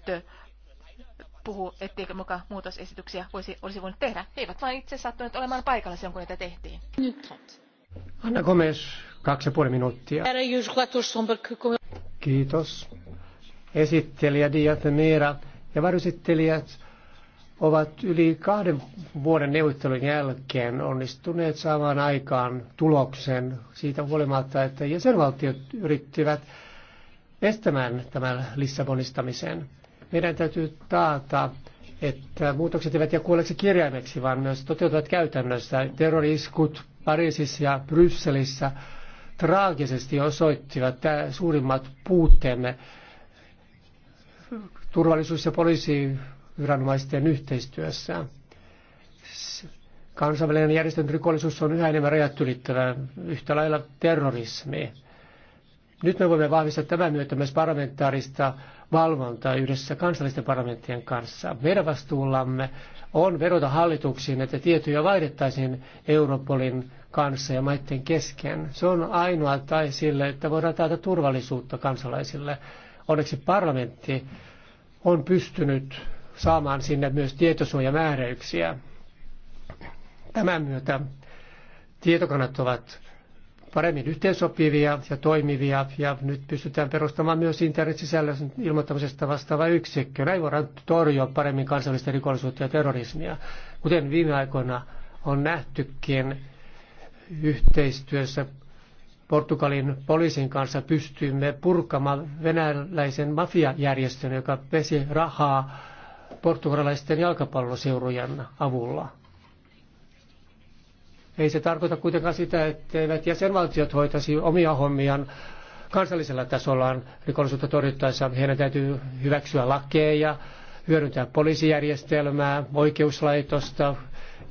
puhu, etteikö muka muutosesityksiä voisi, olisi voinut tehdä. He eivät vain itse sattuneet olemaan paikalla silloin, kun niitä tehtiin. Anna Gomes, kaksi ja puoli minuuttia. Kiitos. Esittelijä Diat Meera ja varusittelijät ovat yli kahden vuoden neuvottelun jälkeen onnistuneet saamaan aikaan tuloksen siitä huolimatta, että jäsenvaltiot yrittivät estämään tämän Lissabonistamisen. Meidän täytyy taata, että muutokset eivät jää kuolleeksi kirjaimeksi, vaan myös toteutuvat käytännössä. Terroriskut Pariisissa ja Brysselissä traagisesti osoittivat suurimmat puutteemme turvallisuus- ja poliisi viranomaisten yhteistyössä. Kansainvälinen järjestön rikollisuus on yhä enemmän rajat ylittävää, yhtä lailla terrorismi. Nyt me voimme vahvistaa tämän myötä myös parlamentaarista valvontaa yhdessä kansallisten parlamenttien kanssa. Meidän vastuullamme on vedota hallituksiin, että tietoja vaihdettaisiin Europolin kanssa ja maiden kesken. Se on ainoa tai sille, että voidaan taata turvallisuutta kansalaisille. Onneksi parlamentti on pystynyt saamaan sinne myös tietosuojamääräyksiä. Tämän myötä tietokannat ovat paremmin yhteensopivia ja toimivia, ja nyt pystytään perustamaan myös internet-sisällön ilmoittamisesta vastaava yksikkö. Näin voidaan torjua paremmin kansallista rikollisuutta ja terrorismia. Kuten viime aikoina on nähtykin yhteistyössä Portugalin poliisin kanssa pystyimme purkamaan venäläisen mafiajärjestön, joka pesi rahaa portugalaisten jalkapalloseurojen avulla. Ei se tarkoita kuitenkaan sitä, etteivät jäsenvaltiot hoitaisi omia hommiaan kansallisella tasollaan rikollisuutta torjuttaessa. Heidän täytyy hyväksyä lakeja, hyödyntää poliisijärjestelmää, oikeuslaitosta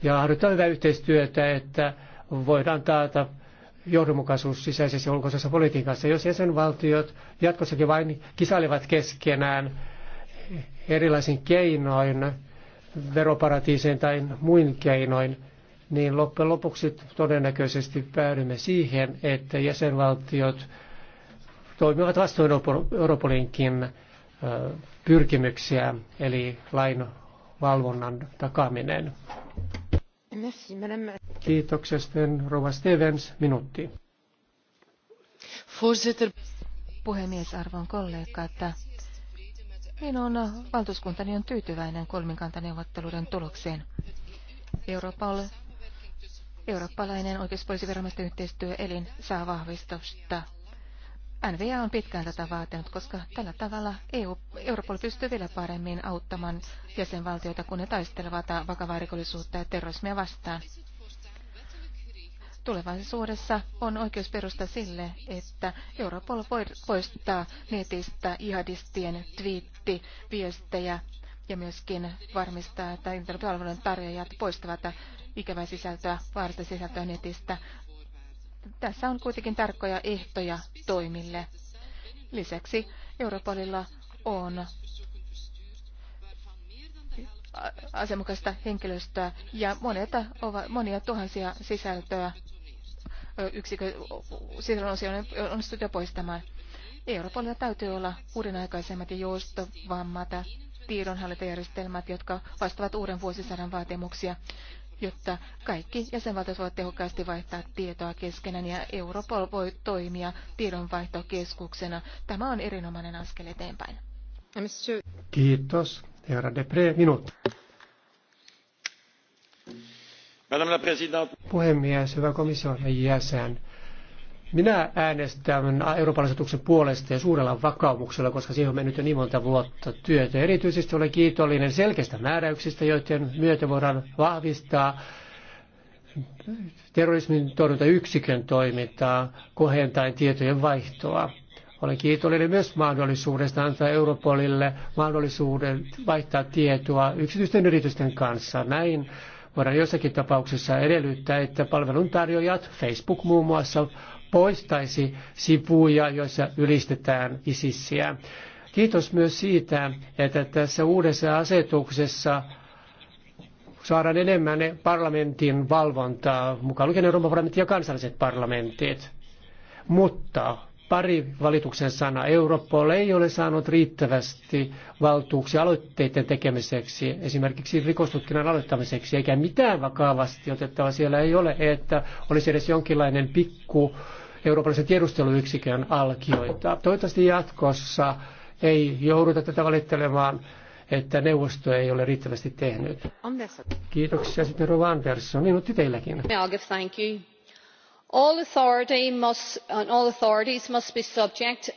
ja harjoittaa hyvää yhteistyötä, että voidaan taata johdonmukaisuus sisäisessä ja ulkoisessa politiikassa. Jos jäsenvaltiot jatkossakin vain kisailevat keskenään, erilaisin keinoin, veroparatiisein tai muin keinoin, niin loppujen lopuksi todennäköisesti päädymme siihen, että jäsenvaltiot toimivat vastoin Europolinkin pyrkimyksiä, eli lain valvonnan takaminen. Merci, madame. Kiitoksia sitten Rova Stevens, minuutti. Puhemies, arvon että Minun niin valtuuskuntani on tyytyväinen kolminkantaneuvotteluiden tulokseen. Europol, eurooppalainen oikeuspoliisiviranomaisten yhteistyöelin saa vahvistusta. NVA on pitkään tätä vaatinut, koska tällä tavalla EU, Europol pystyy vielä paremmin auttamaan jäsenvaltioita, kun ne taistelevat vakavaa rikollisuutta ja terrorismia vastaan. Tulevaisuudessa on oikeus sille, että Europol voi poistaa netistä jihadistien twiittiviestejä viestejä ja myöskin varmistaa, että internetpalvelujen tarjoajat poistavat ikävää sisältöä, vaarallista sisältöä netistä. Tässä on kuitenkin tarkkoja ehtoja toimille. Lisäksi Europolilla on asianmukaista henkilöstöä ja monia tuhansia sisältöä yksikö sidonnaisia on onnistuttu jo poistamaan. Euroopalla täytyy olla uudenaikaisemmat ja joustavammat tiedonhallintajärjestelmät, jotka vastaavat uuden vuosisadan vaatimuksia, jotta kaikki jäsenvaltiot voivat tehokkaasti vaihtaa tietoa keskenään ja Europol voi toimia tiedonvaihtokeskuksena. Tämä on erinomainen askel eteenpäin. Kiitos. Herra Depre, minuutti. Puhemies, hyvä komission jäsen. Minä äänestän Euroopan asetuksen puolesta ja suurella vakaumuksella, koska siihen on mennyt jo niin monta vuotta työtä. Erityisesti olen kiitollinen selkeistä määräyksistä, joiden myötä voidaan vahvistaa terrorismin torjuntayksikön toimintaa, kohentaen tietojen vaihtoa. Olen kiitollinen myös mahdollisuudesta antaa Europolille mahdollisuuden vaihtaa tietoa yksityisten yritysten kanssa. Näin voidaan jossakin tapauksessa edellyttää, että palveluntarjoajat, Facebook muun muassa, poistaisi sivuja, joissa ylistetään isissiä. Kiitos myös siitä, että tässä uudessa asetuksessa saadaan enemmän parlamentin valvontaa, mukaan lukien Euroopan parlamentti ja kansalliset parlamentit. Mutta Pari valituksen sana. Europol ei ole saanut riittävästi valtuuksia aloitteiden tekemiseksi, esimerkiksi rikostutkinnan aloittamiseksi, eikä mitään vakavasti otettava siellä ei ole, että olisi edes jonkinlainen pikku eurooppalaisen tiedusteluyksikön alkioita. Toivottavasti jatkossa ei jouduta tätä valittelemaan, että neuvosto ei ole riittävästi tehnyt. Kiitoksia sitten Rova Andersson. Minuutti teilläkin. All, authority must, authorities must be subject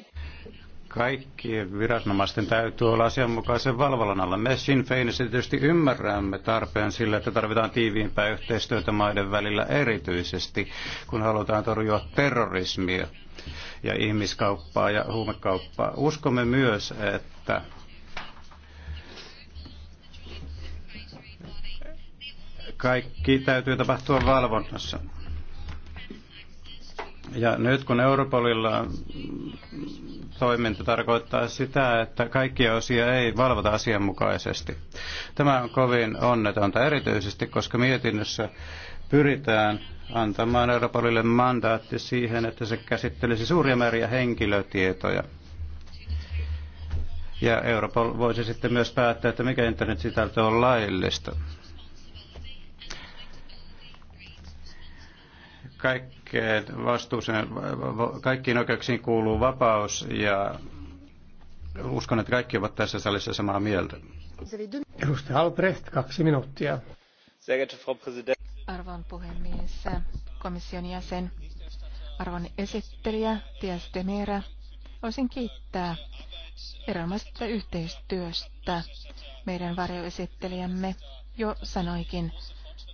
kaikkien viranomaisten täytyy olla asianmukaisen valvonnan alla. Me Sinn Feinissä tietysti ymmärrämme tarpeen sille, että tarvitaan tiiviimpää yhteistyötä maiden välillä erityisesti, kun halutaan torjua terrorismia ja ihmiskauppaa ja huumekauppaa. Uskomme myös, että kaikki täytyy tapahtua valvonnassa. Ja nyt kun Europolilla toiminta tarkoittaa sitä, että kaikkia osia ei valvota asianmukaisesti. Tämä on kovin onnetonta erityisesti, koska mietinnössä pyritään antamaan Europolille mandaatti siihen, että se käsittelisi suuria määriä henkilötietoja. Ja Europol voisi sitten myös päättää, että mikä internet-sisältö on laillista. Kaikki oikeudet vastuuseen, kaikkiin oikeuksiin kuuluu vapaus ja uskon, että kaikki ovat tässä salissa samaa mieltä. Edustaja Albrecht, kaksi minuuttia. Arvon puhemies, komission jäsen, arvon esittelijä, Tias Demera, olisin kiittää erilaisesta yhteistyöstä. Meidän varjoesittelijämme jo sanoikin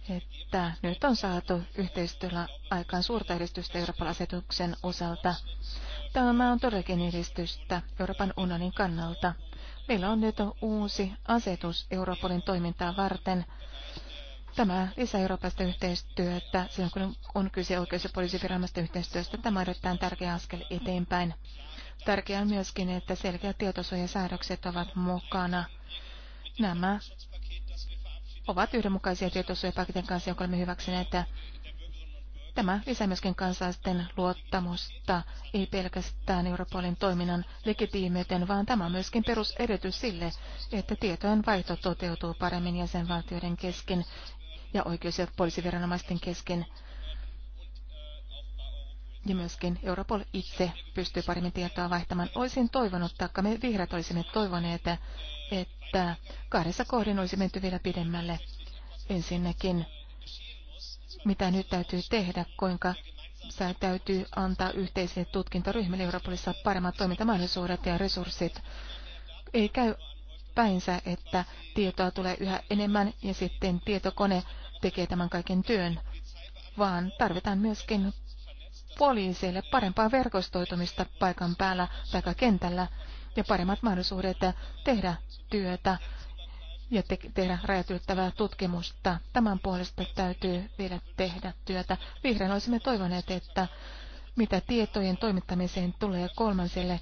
että nyt on saatu yhteistyöllä aikaan suurta edistystä Euroopan asetuksen osalta. Tämä on todellakin edistystä Euroopan unionin kannalta. Meillä on nyt uusi asetus Europolin toimintaa varten. Tämä lisää Euroopasta yhteistyötä silloin, kun on kyse oikeus- ja poliisiviranomaisten yhteistyöstä. Tämä on erittäin tärkeä askel eteenpäin. Tärkeää on myöskin, että selkeät tietosuojasäädökset ovat mukana. Nämä ovat yhdenmukaisia tietosuojapaketin kanssa, jonka olemme hyväksyneet. Tämä lisää myöskin kansalaisten luottamusta, ei pelkästään Europolin toiminnan legitiimiyteen, vaan tämä on myöskin perusedellytys sille, että tietojen vaihto toteutuu paremmin jäsenvaltioiden kesken ja oikeus- ja poliisiviranomaisten kesken ja myöskin Europol itse pystyy paremmin tietoa vaihtamaan. Olisin toivonut, taikka me vihreät olisimme toivoneet, että kahdessa kohdin olisi menty vielä pidemmälle. Ensinnäkin, mitä nyt täytyy tehdä, kuinka sä täytyy antaa yhteisille tutkintaryhmille Europolissa paremmat toimintamahdollisuudet ja resurssit. Ei käy päinsä, että tietoa tulee yhä enemmän ja sitten tietokone tekee tämän kaiken työn, vaan tarvitaan myöskin poliiseille parempaa verkostoitumista paikan päällä tai kentällä ja paremmat mahdollisuudet tehdä työtä ja te- tehdä rajatyöttävää tutkimusta. Tämän puolesta täytyy vielä tehdä työtä. Vihreän olisimme toivoneet, että mitä tietojen toimittamiseen tulee kolmanselle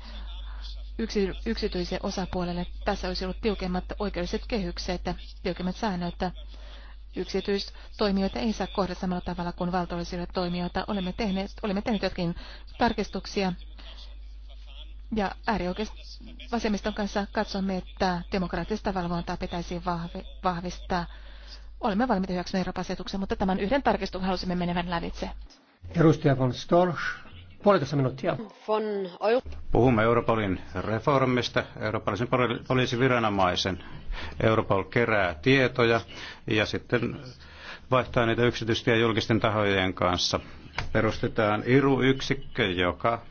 yksi, yksityisen osapuolelle, tässä olisi ollut tiukemmat oikeudelliset kehykset, tiukemmat säännöt yksityistoimijoita ei saa kohdata samalla tavalla kuin valtiollisia toimijoita. Olemme tehneet, olemme tehneet jotkin tarkistuksia ja äärioikeiston kanssa katsomme, että demokraattista valvontaa pitäisi vahvi, vahvistaa. Olemme valmiita hyväksymään Euroopan asetuksen, mutta tämän yhden tarkistuksen halusimme menevän lävitse. Edustaja von Storch. Puolitoista minuuttia. Puhumme Europolin reformista. Eurooppalaisen poliisiviranomaisen Europol kerää tietoja ja sitten vaihtaa niitä yksityisten ja julkisten tahojen kanssa. Perustetaan IRU-yksikkö, joka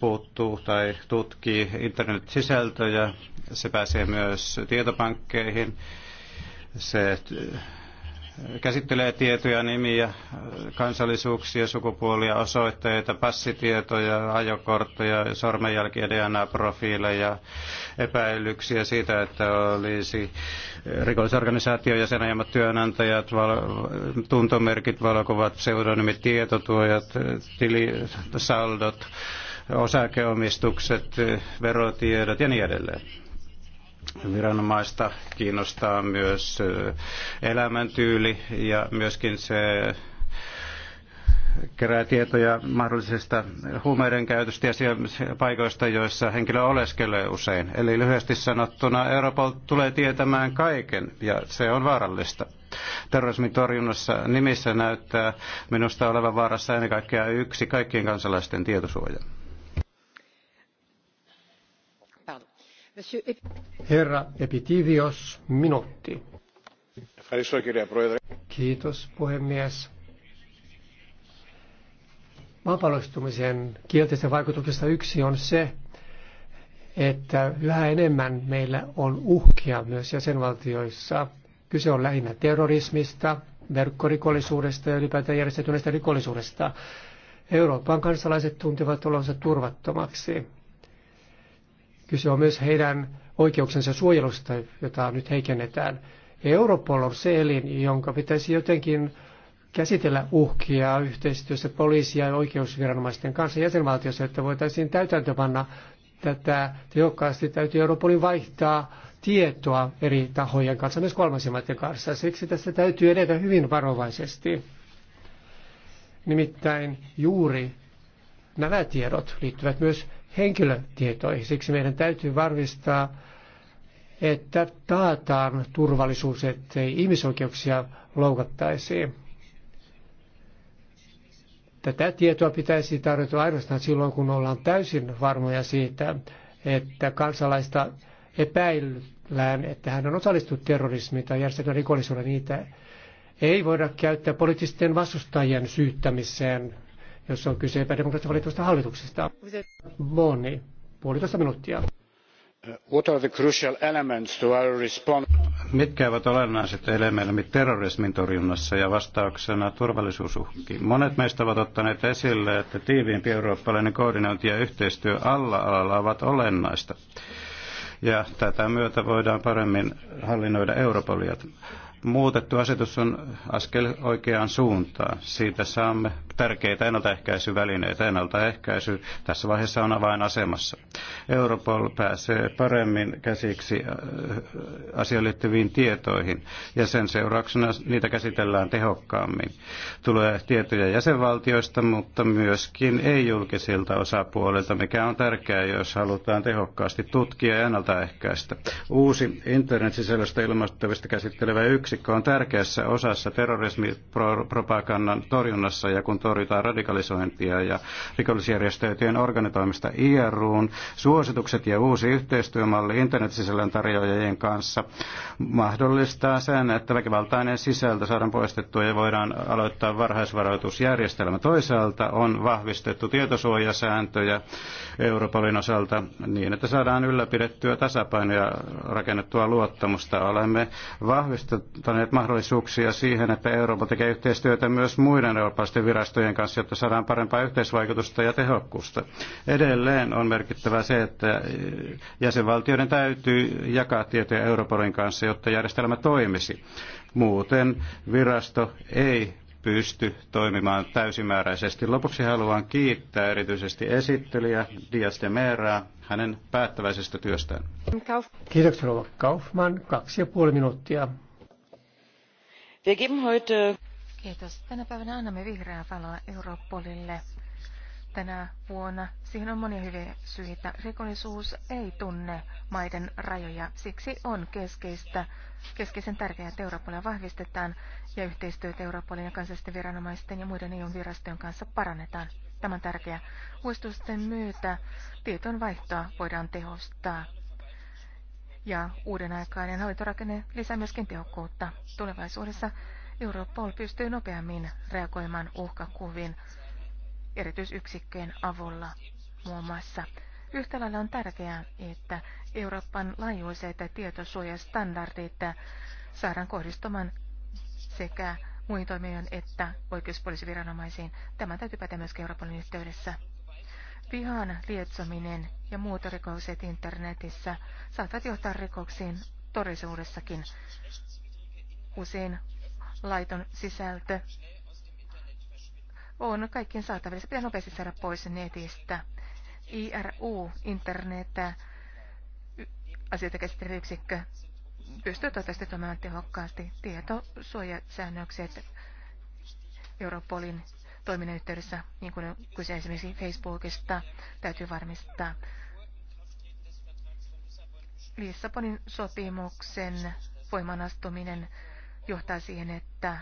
puuttuu tai tutkii internet-sisältöjä. Se pääsee myös tietopankkeihin. Se käsittelee tietoja, nimiä, kansallisuuksia, sukupuolia, osoitteita, passitietoja, ajokortteja, sormenjälkiä, DNA-profiileja, epäilyksiä siitä, että olisi rikollisorganisaation jäsenajammat työnantajat, val- tuntomerkit, valokuvat, pseudonymit, tietotuojat, tilisaldot, osakeomistukset, verotiedot ja niin edelleen viranomaista kiinnostaa myös elämäntyyli ja myöskin se kerää tietoja mahdollisista huumeiden käytöstä ja paikoista, joissa henkilö oleskelee usein. Eli lyhyesti sanottuna Europol tulee tietämään kaiken ja se on vaarallista. Terrorismin torjunnassa nimissä näyttää minusta olevan vaarassa ennen kaikkea yksi kaikkien kansalaisten tietosuoja. Herra Epitivios, minuutti. Kiitos puhemies. Maapalloistumisen kielteistä yksi on se, että yhä enemmän meillä on uhkia myös jäsenvaltioissa. Kyse on lähinnä terrorismista, verkkorikollisuudesta ja ylipäätään järjestäytyneestä rikollisuudesta. Euroopan kansalaiset tuntevat olonsa turvattomaksi. Kyse on myös heidän oikeuksensa suojelusta, jota nyt heikennetään. Europol on se elin, jonka pitäisi jotenkin käsitellä uhkia yhteistyössä poliisia ja oikeusviranomaisten kanssa jäsenvaltiossa, että voitaisiin täytäntöpanna tätä tehokkaasti. Täytyy Europolin vaihtaa tietoa eri tahojen kanssa, myös kolmansimaiden kanssa. Siksi tässä täytyy edetä hyvin varovaisesti. Nimittäin juuri nämä tiedot liittyvät myös henkilötietoihin. Siksi meidän täytyy varmistaa, että taataan turvallisuus, ettei ihmisoikeuksia loukattaisi. Tätä tietoa pitäisi tarjota ainoastaan silloin, kun ollaan täysin varmoja siitä, että kansalaista epäillään, että hän on osallistunut terrorismiin tai järjestetään rikollisuuden. Niitä ei voida käyttää poliittisten vastustajien syyttämiseen jos on kyse epädemokraattisesti valitusta hallituksesta. Boni, puolitoista minuuttia. What are the crucial elements to our response? Mitkä ovat olennaiset elementit terrorismin torjunnassa ja vastauksena turvallisuusuhkiin? Monet meistä ovat ottaneet esille, että tiiviimpi eurooppalainen koordinointi ja yhteistyö alla alalla ovat olennaista. Ja tätä myötä voidaan paremmin hallinnoida Europolia. Muutettu asetus on askel oikeaan suuntaan. Siitä saamme tärkeitä ennaltaehkäisyvälineitä. Ennaltaehkäisy tässä vaiheessa on avainasemassa. Europol pääsee paremmin käsiksi äh, asiaan liittyviin tietoihin ja sen seurauksena niitä käsitellään tehokkaammin. Tulee tietoja jäsenvaltioista, mutta myöskin ei-julkisilta osapuolilta, mikä on tärkeää, jos halutaan tehokkaasti tutkia ja ennaltaehkäistä. Uusi internetsisällöstä ilmoittavista käsittelevä yksikkö on tärkeässä osassa terrorismipropagandan torjunnassa ja kun torjutaan radikalisointia ja rikollisjärjestöjen organitoimista IRUun, suositukset ja uusi yhteistyömalli internetsisällön tarjoajien kanssa mahdollistaa sen, että väkivaltainen sisältö saadaan poistettua ja voidaan aloittaa varhaisvaroitusjärjestelmä. Toisaalta on vahvistettu tietosuojasääntöjä Europolin osalta niin, että saadaan ylläpidettyä tasapainoa ja rakennettua luottamusta. Olemme vahvistaneet mahdollisuuksia siihen, että Eurooppa tekee yhteistyötä myös muiden eurooppalaisten virastojen virastojen kanssa, jotta saadaan parempaa yhteisvaikutusta ja tehokkuusta. Edelleen on merkittävää se, että jäsenvaltioiden täytyy jakaa tietoja Europolin kanssa, jotta järjestelmä toimisi. Muuten virasto ei pysty toimimaan täysimääräisesti. Lopuksi haluan kiittää erityisesti esittelijä Dias de Meraa hänen päättäväisestä työstään. Kiitoksia Rova Kaufmann. Kaksi ja puoli minuuttia. Kiitos. Tänä päivänä annamme vihreää valoa Europolille. Tänä vuonna siihen on monia hyviä syitä. Rikollisuus ei tunne maiden rajoja. Siksi on keskeistä, keskeisen tärkeää, että Europolia vahvistetaan ja yhteistyötä Europolin ja kansallisten viranomaisten ja muiden EU-virastojen kanssa parannetaan. Tämä on tärkeää. Uudistusten myötä tietoon vaihtoa voidaan tehostaa. Ja uuden aikainen hallintorakenne lisää myöskin tehokkuutta. Tulevaisuudessa Europol pystyy nopeammin reagoimaan uhkakuviin erityisyksikköjen avulla muun muassa. Yhtä lailla on tärkeää, että Euroopan laajuiset tietosuojastandardit saadaan kohdistumaan sekä muihin toimijoihin että oikeuspoliisiviranomaisiin. Tämä täytyy päteä myös Euroopan yhteydessä. Vihan lietsominen ja muut rikokset internetissä saattavat johtaa rikoksiin todellisuudessakin. Usein laiton sisältö on kaikkien Se Pitää nopeasti saada pois netistä. IRU, internet, asioita käsittelevä yksikkö, pystyy toivottavasti toimimaan tehokkaasti. Tietosuojasäännökset Europolin toiminnan yhteydessä, niin kuin kyse esimerkiksi Facebookista, täytyy varmistaa. Lissabonin sopimuksen voimanastuminen astuminen johtaa siihen, että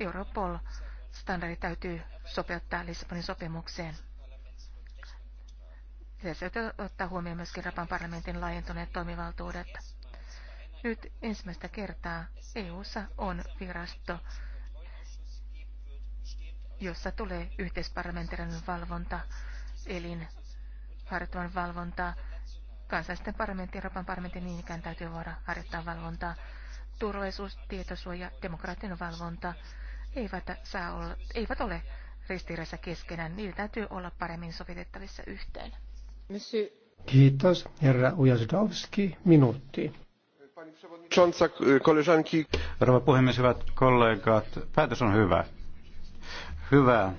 Europol-standardi täytyy sopeuttaa Lissabonin sopimukseen. Se ottaa huomioon myöskin Rapan parlamentin laajentuneet toimivaltuudet. Nyt ensimmäistä kertaa EU:ssa on virasto, jossa tulee yhteisparlamentaarinen valvonta, elin harjoittavan valvontaa. Kansallisten parlamentin ja Rapan parlamentin niin ikään täytyy voida harjoittaa valvontaa turvallisuus, tietosuoja, demokraattinen valvonta eivät, saa olla, eivät ole ristiriidassa keskenään. Niitä täytyy olla paremmin sovitettavissa yhteen. Kiitos, herra Ujazdowski. Minuutti. Rouva puhemies, hyvät kollegat, päätös on hyvä. Hyvä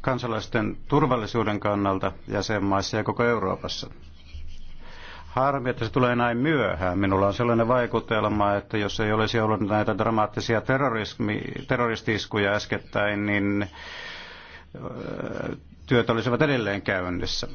kansalaisten turvallisuuden kannalta jäsenmaissa ja koko Euroopassa harmi, että se tulee näin myöhään. Minulla on sellainen vaikutelma, että jos ei olisi ollut näitä dramaattisia terroristiskuja äskettäin, niin työt olisivat edelleen käynnissä.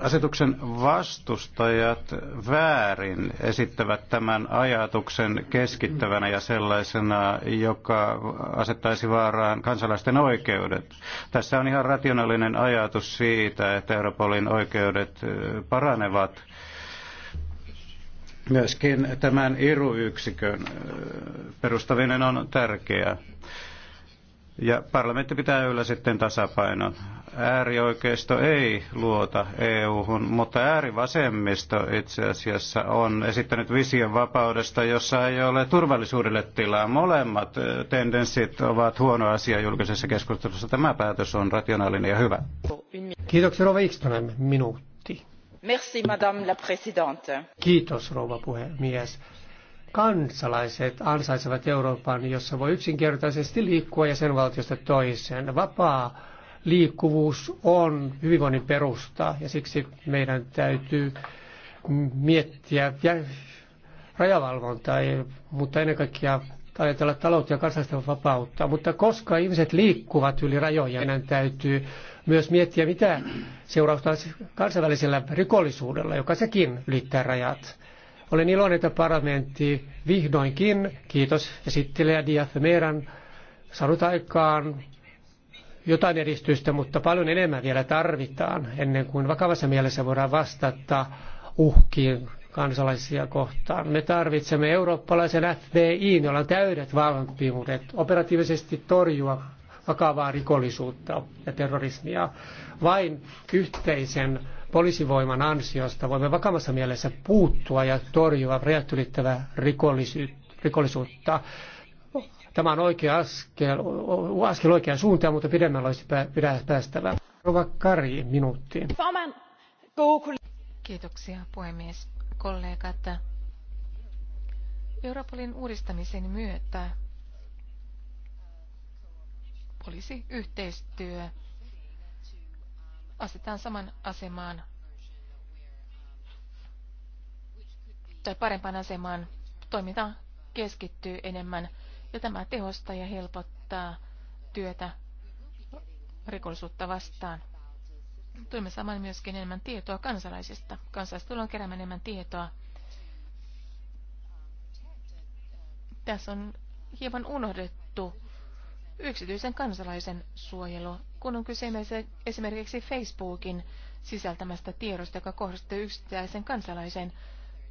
Asetuksen vastustajat väärin esittävät tämän ajatuksen keskittävänä ja sellaisena, joka asettaisi vaaraan kansalaisten oikeudet. Tässä on ihan rationaalinen ajatus siitä, että Europolin oikeudet paranevat Myöskin tämän IRU-yksikön perustaminen on tärkeää. Ja parlamentti pitää yllä sitten tasapainon. Äärioikeisto ei luota EU-hun, mutta äärivasemmisto itse asiassa on esittänyt vision vapaudesta, jossa ei ole turvallisuudelle tilaa. Molemmat tendenssit ovat huono asia julkisessa keskustelussa. Tämä päätös on rationaalinen ja hyvä. Kiitoksia Rova Ikstonen. Minuutti. Merci, Kiitos, puhemies. Kansalaiset ansaitsevat Euroopan, jossa voi yksinkertaisesti liikkua jäsenvaltiosta toiseen. Vapaa liikkuvuus on hyvinvoinnin perusta ja siksi meidän täytyy miettiä rajavalvontaa, mutta ennen kaikkea ajatella taloutta ja kansallista vapautta. Mutta koska ihmiset liikkuvat yli rajoja, meidän täytyy myös miettiä, mitä seurausta olisi kansainvälisellä rikollisuudella, joka sekin ylittää rajat. Olen iloinen, että parlamentti vihdoinkin, kiitos esittelijä Diaz Meeran, saanut aikaan jotain edistystä, mutta paljon enemmän vielä tarvitaan ennen kuin vakavassa mielessä voidaan vastata uhkiin kansalaisia kohtaan. Me tarvitsemme eurooppalaisen FBI, jolla on täydet valmiudet operatiivisesti torjua vakavaa rikollisuutta ja terrorismia. Vain yhteisen poliisivoiman ansiosta voimme vakavassa mielessä puuttua ja torjua rajat ylittävää rikollisuutta. Tämä on oikea askel, askel oikeaan suuntaan, mutta pidemmällä olisi pidä päästävä. Rova Kari, minuutti. Kiitoksia puhemies, kollegat. Europolin uudistamisen myötä olisi yhteistyö. Asetetaan saman asemaan tai parempaan asemaan. Toiminta keskittyy enemmän ja tämä tehostaa ja helpottaa työtä rikollisuutta vastaan. Tuimme saman myöskin enemmän tietoa kansalaisista. Kansalaiset tullaan keräämään enemmän tietoa. Tässä on hieman unohdettu yksityisen kansalaisen suojelu, kun on kyse esimerkiksi Facebookin sisältämästä tiedosta, joka kohdistuu yksittäisen kansalaisen.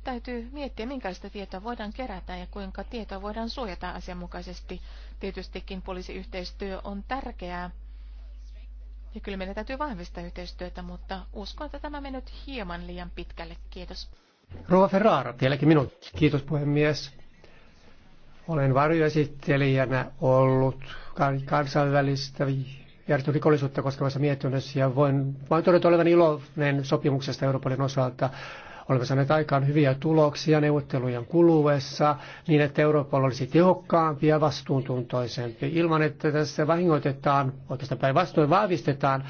Täytyy miettiä, minkälaista tietoa voidaan kerätä ja kuinka tietoa voidaan suojata asianmukaisesti. Tietystikin poliisiyhteistyö on tärkeää. Ja kyllä meidän täytyy vahvistaa yhteistyötä, mutta uskon, että tämä mennyt hieman liian pitkälle. Kiitos. Rova Ferrara, vieläkin minuutti. Kiitos puhemies olen varjoesittelijänä ollut kansainvälistä järjestörikollisuutta koskevassa mietinnössä ja voin voin todeta olevan iloinen sopimuksesta Euroopan osalta. Olemme saaneet aikaan hyviä tuloksia neuvottelujen kuluessa niin, että Eurooppa olisi tehokkaampi ja vastuuntuntoisempi ilman, että tässä vahingoitetaan, oikeastaan päinvastoin vahvistetaan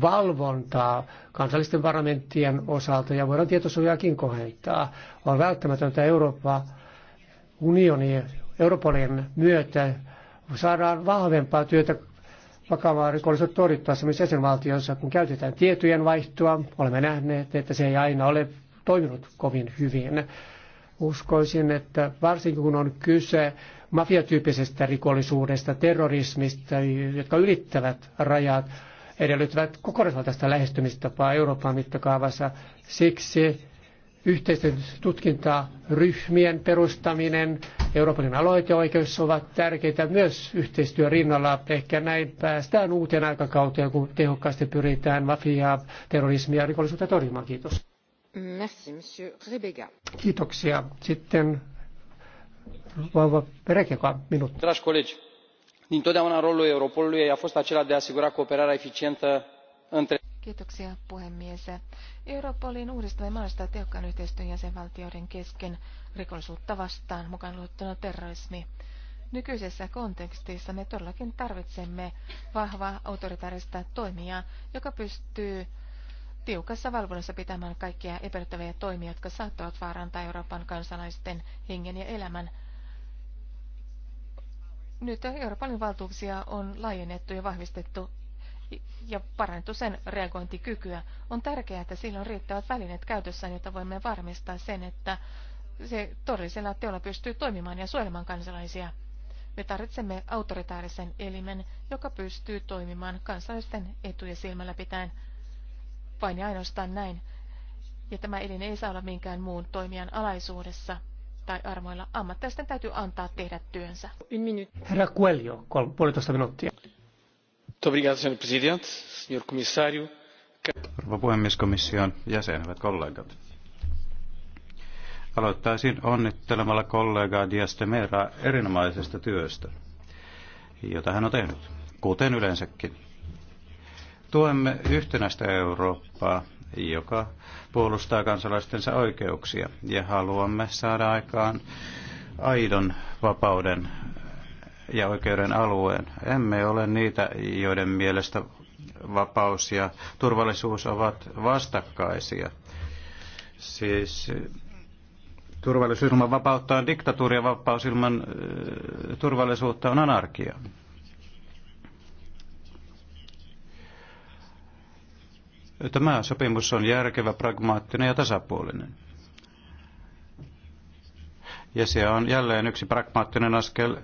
valvontaa kansallisten parlamenttien osalta ja voidaan tietosuojaakin kohentaa. On välttämätöntä Eurooppa unioni Europolin myötä saadaan vahvempaa työtä vakavaa rikollisuutta torjuttaessa myös jäsenvaltioissa, kun käytetään tietojen vaihtoa. Olemme nähneet, että se ei aina ole toiminut kovin hyvin. Uskoisin, että varsinkin kun on kyse mafiatyyppisestä rikollisuudesta, terrorismista, jotka ylittävät rajat, edellyttävät kokonaisvaltaista lähestymistapaa Euroopan mittakaavassa. Siksi yhteisten tutkintaryhmien perustaminen, Euroopan aloiteoikeus ovat tärkeitä myös yhteistyön rinnalla. Ehkä näin päästään uuteen aikakauteen, kun tehokkaasti pyritään mafiaa, terrorismia ja rikollisuutta torjumaan. Kiitos. Merci, monsieur Rebega. Kiitoksia. Sitten vauva Perekeka, minuutti. Dragi colegi, dintotdeauna rolul Europolului a fost acela de a asigura cooperarea eficientă între Kiitoksia puhemies. Europolin uudistaminen mahdollistaa tehokkaan yhteistyön jäsenvaltioiden kesken rikollisuutta vastaan, mukaan luettuna terrorismi. Nykyisessä kontekstissa me todellakin tarvitsemme vahvaa autoritaarista toimijaa, joka pystyy tiukassa valvonnassa pitämään kaikkia epäilyttäviä toimia, jotka saattavat vaarantaa Euroopan kansalaisten hengen ja elämän. Nyt Euroopan valtuuksia on laajennettu ja vahvistettu ja parannettu sen reagointikykyä. On tärkeää, että sillä on riittävät välineet käytössään, jotta voimme varmistaa sen, että se todellisella teolla pystyy toimimaan ja suojelemaan kansalaisia. Me tarvitsemme autoritaarisen elimen, joka pystyy toimimaan kansalaisten etuja silmällä pitäen. Vain ja ainoastaan näin. Ja tämä elin ei saa olla minkään muun toimijan alaisuudessa tai armoilla. Ammattilaisten täytyy antaa tehdä työnsä. Herra Kuelio, puolitoista minuuttia arvoisa puhemies, komission jäsen, hyvät kollegat. Aloittaisin onnittelemalla kollegaa Dias de Mera erinomaisesta työstä, jota hän on tehnyt, kuten yleensäkin. Tuemme yhtenäistä Eurooppaa, joka puolustaa kansalaistensa oikeuksia ja haluamme saada aikaan aidon vapauden ja oikeuden alueen. Emme ole niitä, joiden mielestä vapaus ja turvallisuus ovat vastakkaisia. Siis eh, turvallisuus ilman vapautta on diktatuuri ja vapaus ilman eh, turvallisuutta on anarkia. Tämä sopimus on järkevä, pragmaattinen ja tasapuolinen. Ja se on jälleen yksi pragmaattinen askel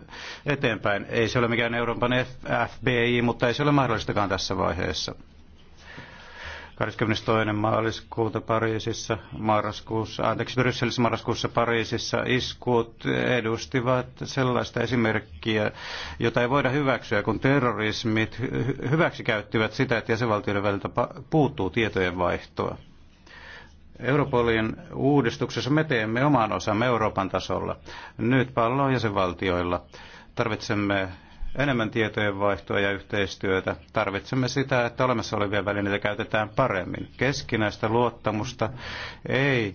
eteenpäin. Ei se ole mikään Euroopan FBI, mutta ei se ole mahdollistakaan tässä vaiheessa. 22. maaliskuuta Pariisissa, marraskuussa, anteeksi, Brysselissä marraskuussa Pariisissa iskut edustivat sellaista esimerkkiä, jota ei voida hyväksyä, kun terrorismit hyväksikäyttivät sitä, että jäsenvaltioiden väliltä puuttuu tietojen vaihtoa. Europolin uudistuksessa me teemme oman osamme Euroopan tasolla. Nyt pallo on jäsenvaltioilla. Tarvitsemme enemmän tietojenvaihtoa ja yhteistyötä. Tarvitsemme sitä, että olemassa olevia välineitä käytetään paremmin. Keskinäistä luottamusta ei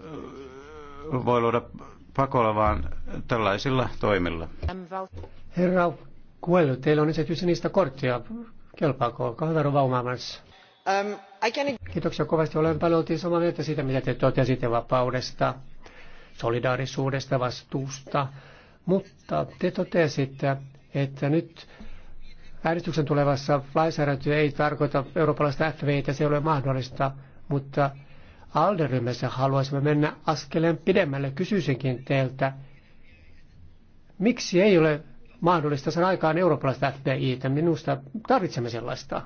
äh, voi luoda pakolla, vaan tällaisilla toimilla. Herra Kuello, teillä on esitys niistä korttia. Kelpaako? Olkaa um, Kiitoksia kovasti. Olen paljon samaa mieltä siitä, mitä te totesitte vapaudesta, solidaarisuudesta, vastuusta. Mutta te totesitte, että nyt äänestyksen tulevassa lainsäädäntö ei tarkoita eurooppalaista että se ei ole mahdollista, mutta Alderymässä haluaisimme mennä askeleen pidemmälle. Kysyisinkin teiltä, miksi ei ole mahdollista saada aikaan eurooppalaista että Minusta tarvitsemme sellaista.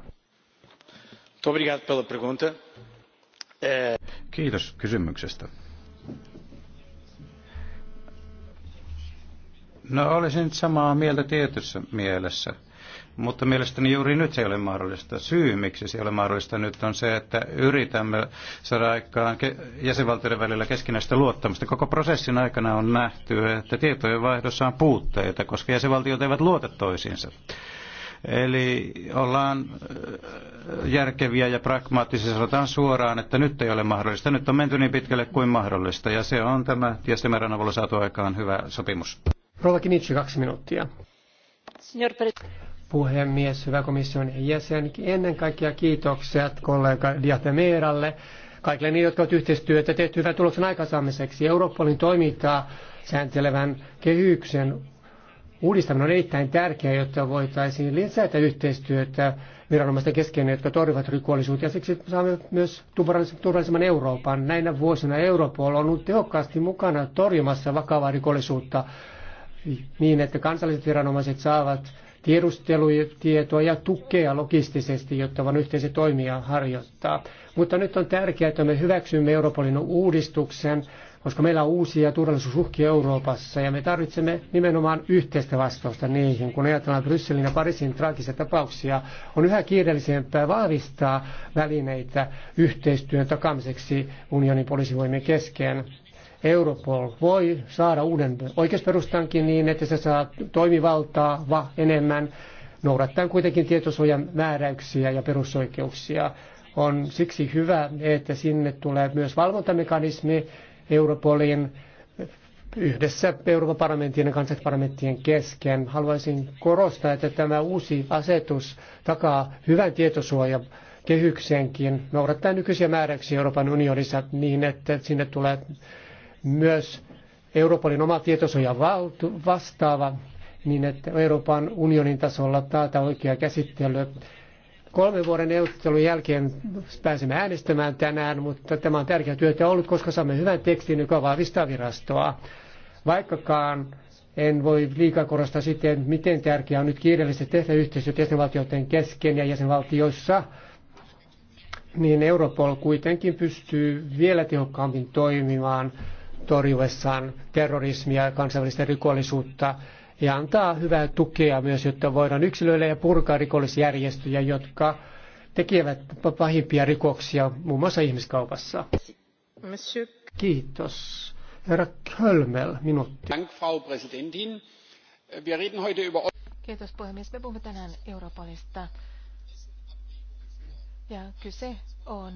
Kiitos kysymyksestä. No olisin samaa mieltä tietyssä mielessä, mutta mielestäni juuri nyt se ei ole mahdollista. Syy, miksi se ei ole mahdollista nyt, on se, että yritämme saada aikaan jäsenvaltioiden välillä keskinäistä luottamusta. Koko prosessin aikana on nähty, että tietojen vaihdossa on puutteita, koska jäsenvaltiot eivät luota toisiinsa. Eli ollaan äh, järkeviä ja pragmaattisia, sanotaan suoraan, että nyt ei ole mahdollista. Nyt on menty niin pitkälle kuin mahdollista, ja se on tämä tiestemärän avulla saatu aikaan hyvä sopimus. Rova Kinitsi, kaksi minuuttia. Signor Puhemies, hyvä komission jäsen, ennen kaikkea kiitokset kollega Diatemeeralle. kaikille niille, jotka ovat yhteistyötä tehty hyvän tuloksen aikaansaamiseksi. Europolin toimintaa sääntelevän kehyksen Uudistaminen on erittäin tärkeää, jotta voitaisiin lisätä yhteistyötä viranomaisten kesken, jotka torjuvat rikollisuutta. Ja siksi saamme myös turvallisemman Euroopan. Näinä vuosina Europol on ollut tehokkaasti mukana torjumassa vakavaa rikollisuutta niin, että kansalliset viranomaiset saavat tiedustelutietoa ja tukea logistisesti, jotta vain yhteiset toimia harjoittaa. Mutta nyt on tärkeää, että me hyväksymme Europolin uudistuksen koska meillä on uusia turvallisuusuhkia Euroopassa ja me tarvitsemme nimenomaan yhteistä vastausta niihin. Kun ajatellaan Brysselin ja Pariisin traagisia tapauksia, on yhä kiireellisempää vahvistaa välineitä yhteistyön takamiseksi unionin poliisivoimien kesken. Europol voi saada uuden oikeusperustankin niin, että se saa toimivaltaa va enemmän, noudattaen kuitenkin tietosuojan määräyksiä ja perusoikeuksia. On siksi hyvä, että sinne tulee myös valvontamekanismi, Europolin yhdessä Euroopan parlamentin ja kansallisparlamenttien kesken. Haluaisin korostaa, että tämä uusi asetus takaa hyvän tietosuojan kehykseenkin noudattaa nykyisiä määräyksiä Euroopan unionissa niin, että sinne tulee myös Europolin oma tietosuoja vastaava, niin että Euroopan unionin tasolla taata oikea käsittely Kolmen vuoden neuvottelun jälkeen pääsemme äänestämään tänään, mutta tämä on tärkeä työtä ollut, koska saamme hyvän tekstin, joka vahvistaa virastoa. Vaikkakaan en voi liikaa korostaa sitten, miten tärkeää on nyt kiireellisesti tehdä yhteistyötä jäsenvaltioiden kesken ja jäsenvaltioissa, niin Europol kuitenkin pystyy vielä tehokkaammin toimimaan torjuessaan terrorismia ja kansainvälistä rikollisuutta ja antaa hyvää tukea myös, jotta voidaan yksilöillä ja purkaa rikollisjärjestöjä, jotka tekevät pahimpia rikoksia muun muassa ihmiskaupassa. Monsieur. Kiitos. Herra Kölmel, minuutti. Dank, Frau Präsidentin. Wir reden heute über... Kiitos puhemies. Me puhumme tänään euroopalista Ja kyse on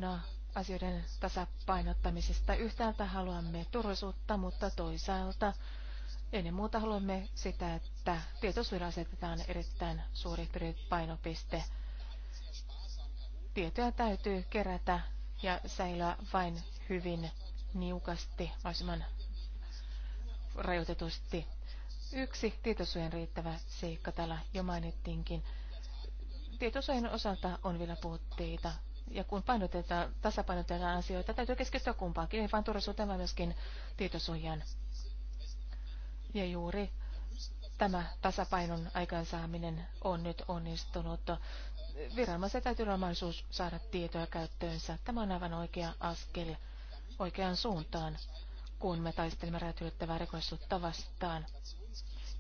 asioiden tasapainottamisesta. Yhtäältä haluamme turvallisuutta, mutta toisaalta Ennen muuta haluamme sitä, että tietosuojelulle asetetaan erittäin suuri painopiste. Tietoja täytyy kerätä ja säilyä vain hyvin niukasti, mahdollisimman rajoitetusti. Yksi tietosuojan riittävä seikka täällä jo mainittiinkin. Tietosuojan osalta on vielä puutteita. Ja kun painotetaan, tasapainotetaan asioita, täytyy keskittyä kumpaankin, ei vain turvallisuuteen, vaan myöskin tietosuojan ja juuri tämä tasapainon aikaansaaminen on nyt onnistunut. Viranomaisen täytyy olla mahdollisuus saada tietoja käyttöönsä. Tämä on aivan oikea askel oikeaan suuntaan, kun me taistelemme räätyyttävää rikollisuutta vastaan.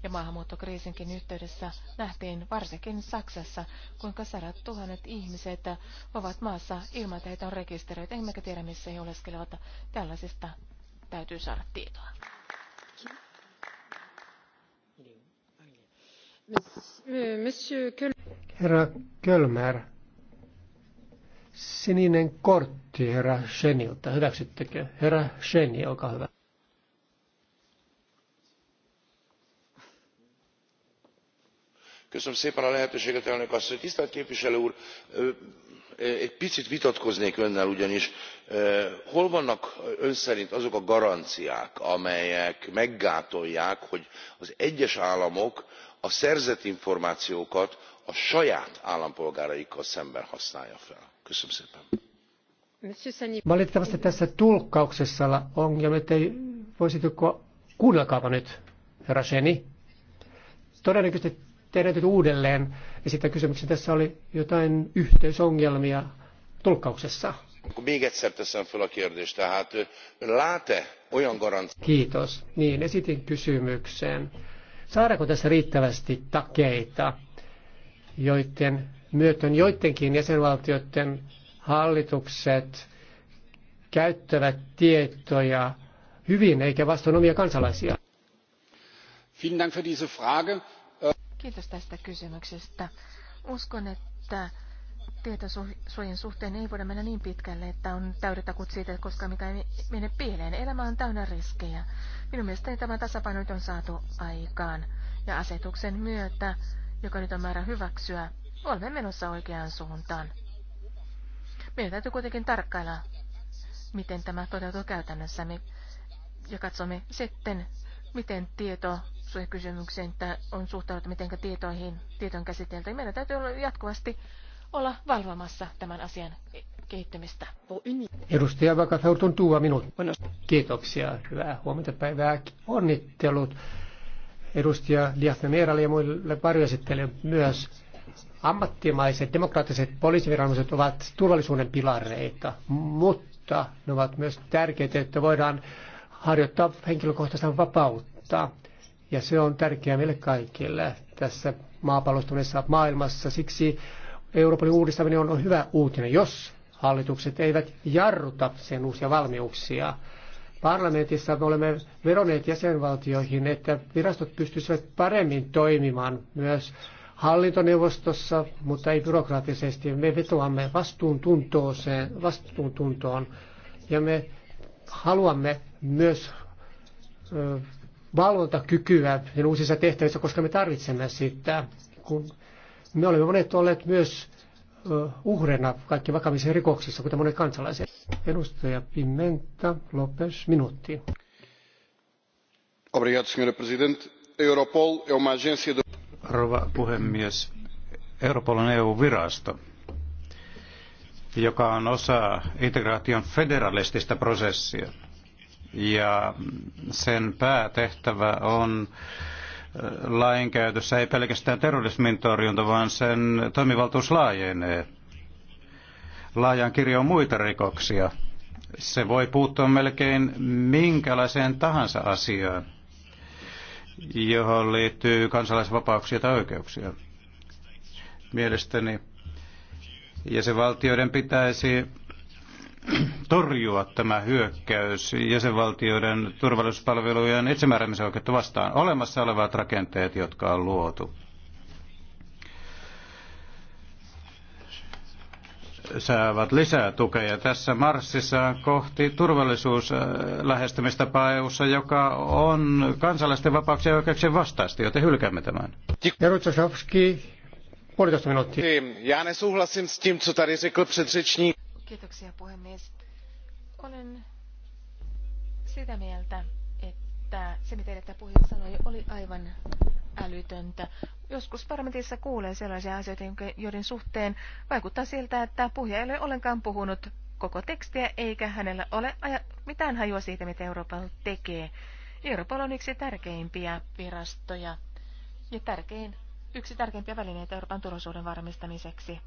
Ja maahanmuuttokriisinkin yhteydessä nähtiin varsinkin Saksassa, kuinka sadat tuhannet ihmiset ovat maassa ilman, että heitä on rekisteröity, emmekä tiedä missä he oleskelevat. Tällaisista täytyy saada tietoa. Herra Kölmer, sininen kortti herra Scheniltä. Hyväksyttekö? Herra Scheni, olkaa hyvä. Köszönöm szépen a lehetőséget, elnök asszony. Tisztelt képviselő úr, egy picit vitatkoznék önnel ugyanis. Hol vannak ön szerint azok a garanciák, amelyek meggátolják, hogy az egyes államok a szerzett információkat a saját állampolgáraikkal szemben használja fel. Köszönöm szépen. Valitettavasti tässä tulkkauksessa ongelma, ettei voisitko kuunnelkaapa nyt, herra Todennäköisesti teidän uudelleen esittää kysymyksen. Tässä oli jotain yhteysongelmia tulkkauksessa. még egyszer teszem fel a kérdést, tehát ön lát olyan garanciát? Kiitos. Niin, esitin kysymyksen. Saadaanko tässä riittävästi takeita, joiden myöten joidenkin jäsenvaltioiden hallitukset käyttävät tietoja hyvin eikä vastoin omia kansalaisia? Kiitos tästä kysymyksestä. Uskon, että tietosuojan suhteen ei voida mennä niin pitkälle, että on täydet takut siitä, koska mikä ei mene pieleen. Elämä on täynnä riskejä. Minun mielestäni tämä tasapaino nyt on saatu aikaan. Ja asetuksen myötä, joka nyt on määrä hyväksyä, olemme menossa oikeaan suuntaan. Meidän täytyy kuitenkin tarkkailla, miten tämä toteutuu käytännössä. ja katsomme sitten, miten tieto kysymykseen, että on suhtautunut miten tietoihin, tietoon käsitelty. Meidän täytyy olla jatkuvasti olla valvomassa tämän asian kehittämistä. Edustaja Vakatautun tuua minut. Kiitoksia. Hyvää huomenta päivää. Onnittelut edustaja Liafemeralle ja muille varjoesittelijöille myös. Ammattimaiset demokraattiset poliisiviranomaiset ovat turvallisuuden pilareita, mutta ne ovat myös tärkeitä, että voidaan harjoittaa henkilökohtaista vapautta. Ja se on tärkeää meille kaikille tässä maapallostuneessa maailmassa. Siksi Euroopan uudistaminen on hyvä uutinen, jos hallitukset eivät jarruta sen uusia valmiuksia. Parlamentissa me olemme veroneet jäsenvaltioihin, että virastot pystyisivät paremmin toimimaan myös hallintoneuvostossa, mutta ei byrokraattisesti. Me vetoamme vastuuntuntoon, vastuuntuntoon ja me haluamme myös valvontakykyä sen uusissa tehtävissä, koska me tarvitsemme sitä. Kun me olemme monet olleet myös uhreina kaikki vakavissa rikoksissa, kuten monet kansalaiset. Edustaja Pimenta Lopes, minuutti. Obrigado, senhor presidente. Europol é uma agência de... Rova puhemies, Europol on EU-virasto, joka on osa integraation federalistista prosessia. Ja sen päätehtävä on lainkäytössä ei pelkästään terrorismin torjunta, vaan sen toimivaltuus laajenee laajaan kirjoon muita rikoksia. Se voi puuttua melkein minkälaiseen tahansa asiaan, johon liittyy kansalaisvapauksia tai oikeuksia. Mielestäni jäsenvaltioiden pitäisi torjua tämä hyökkäys jäsenvaltioiden turvallisuuspalvelujen itsemääräämisoikeutta vastaan olemassa olevat rakenteet, jotka on luotu. saavat lisää tukea tässä marssissa kohti turvallisuuslähestymistapaa eu joka on kansalaisten vapauksien ja oikeuksien vastaista, joten hylkäämme tämän. Puolitoista minuuttia. Já nesouhlasím s tím, co tady řekl předřečník. Kiitoksia puhemies. Olen sitä mieltä, että se mitä että puhuja sanoi oli aivan älytöntä. Joskus parlamentissa kuulee sellaisia asioita, joiden suhteen vaikuttaa siltä, että puhuja ei ole ollenkaan puhunut koko tekstiä, eikä hänellä ole mitään hajua siitä, mitä Euroopan tekee. Euroopan on yksi tärkeimpiä virastoja ja tärkein, yksi tärkeimpiä välineitä Euroopan turvallisuuden varmistamiseksi.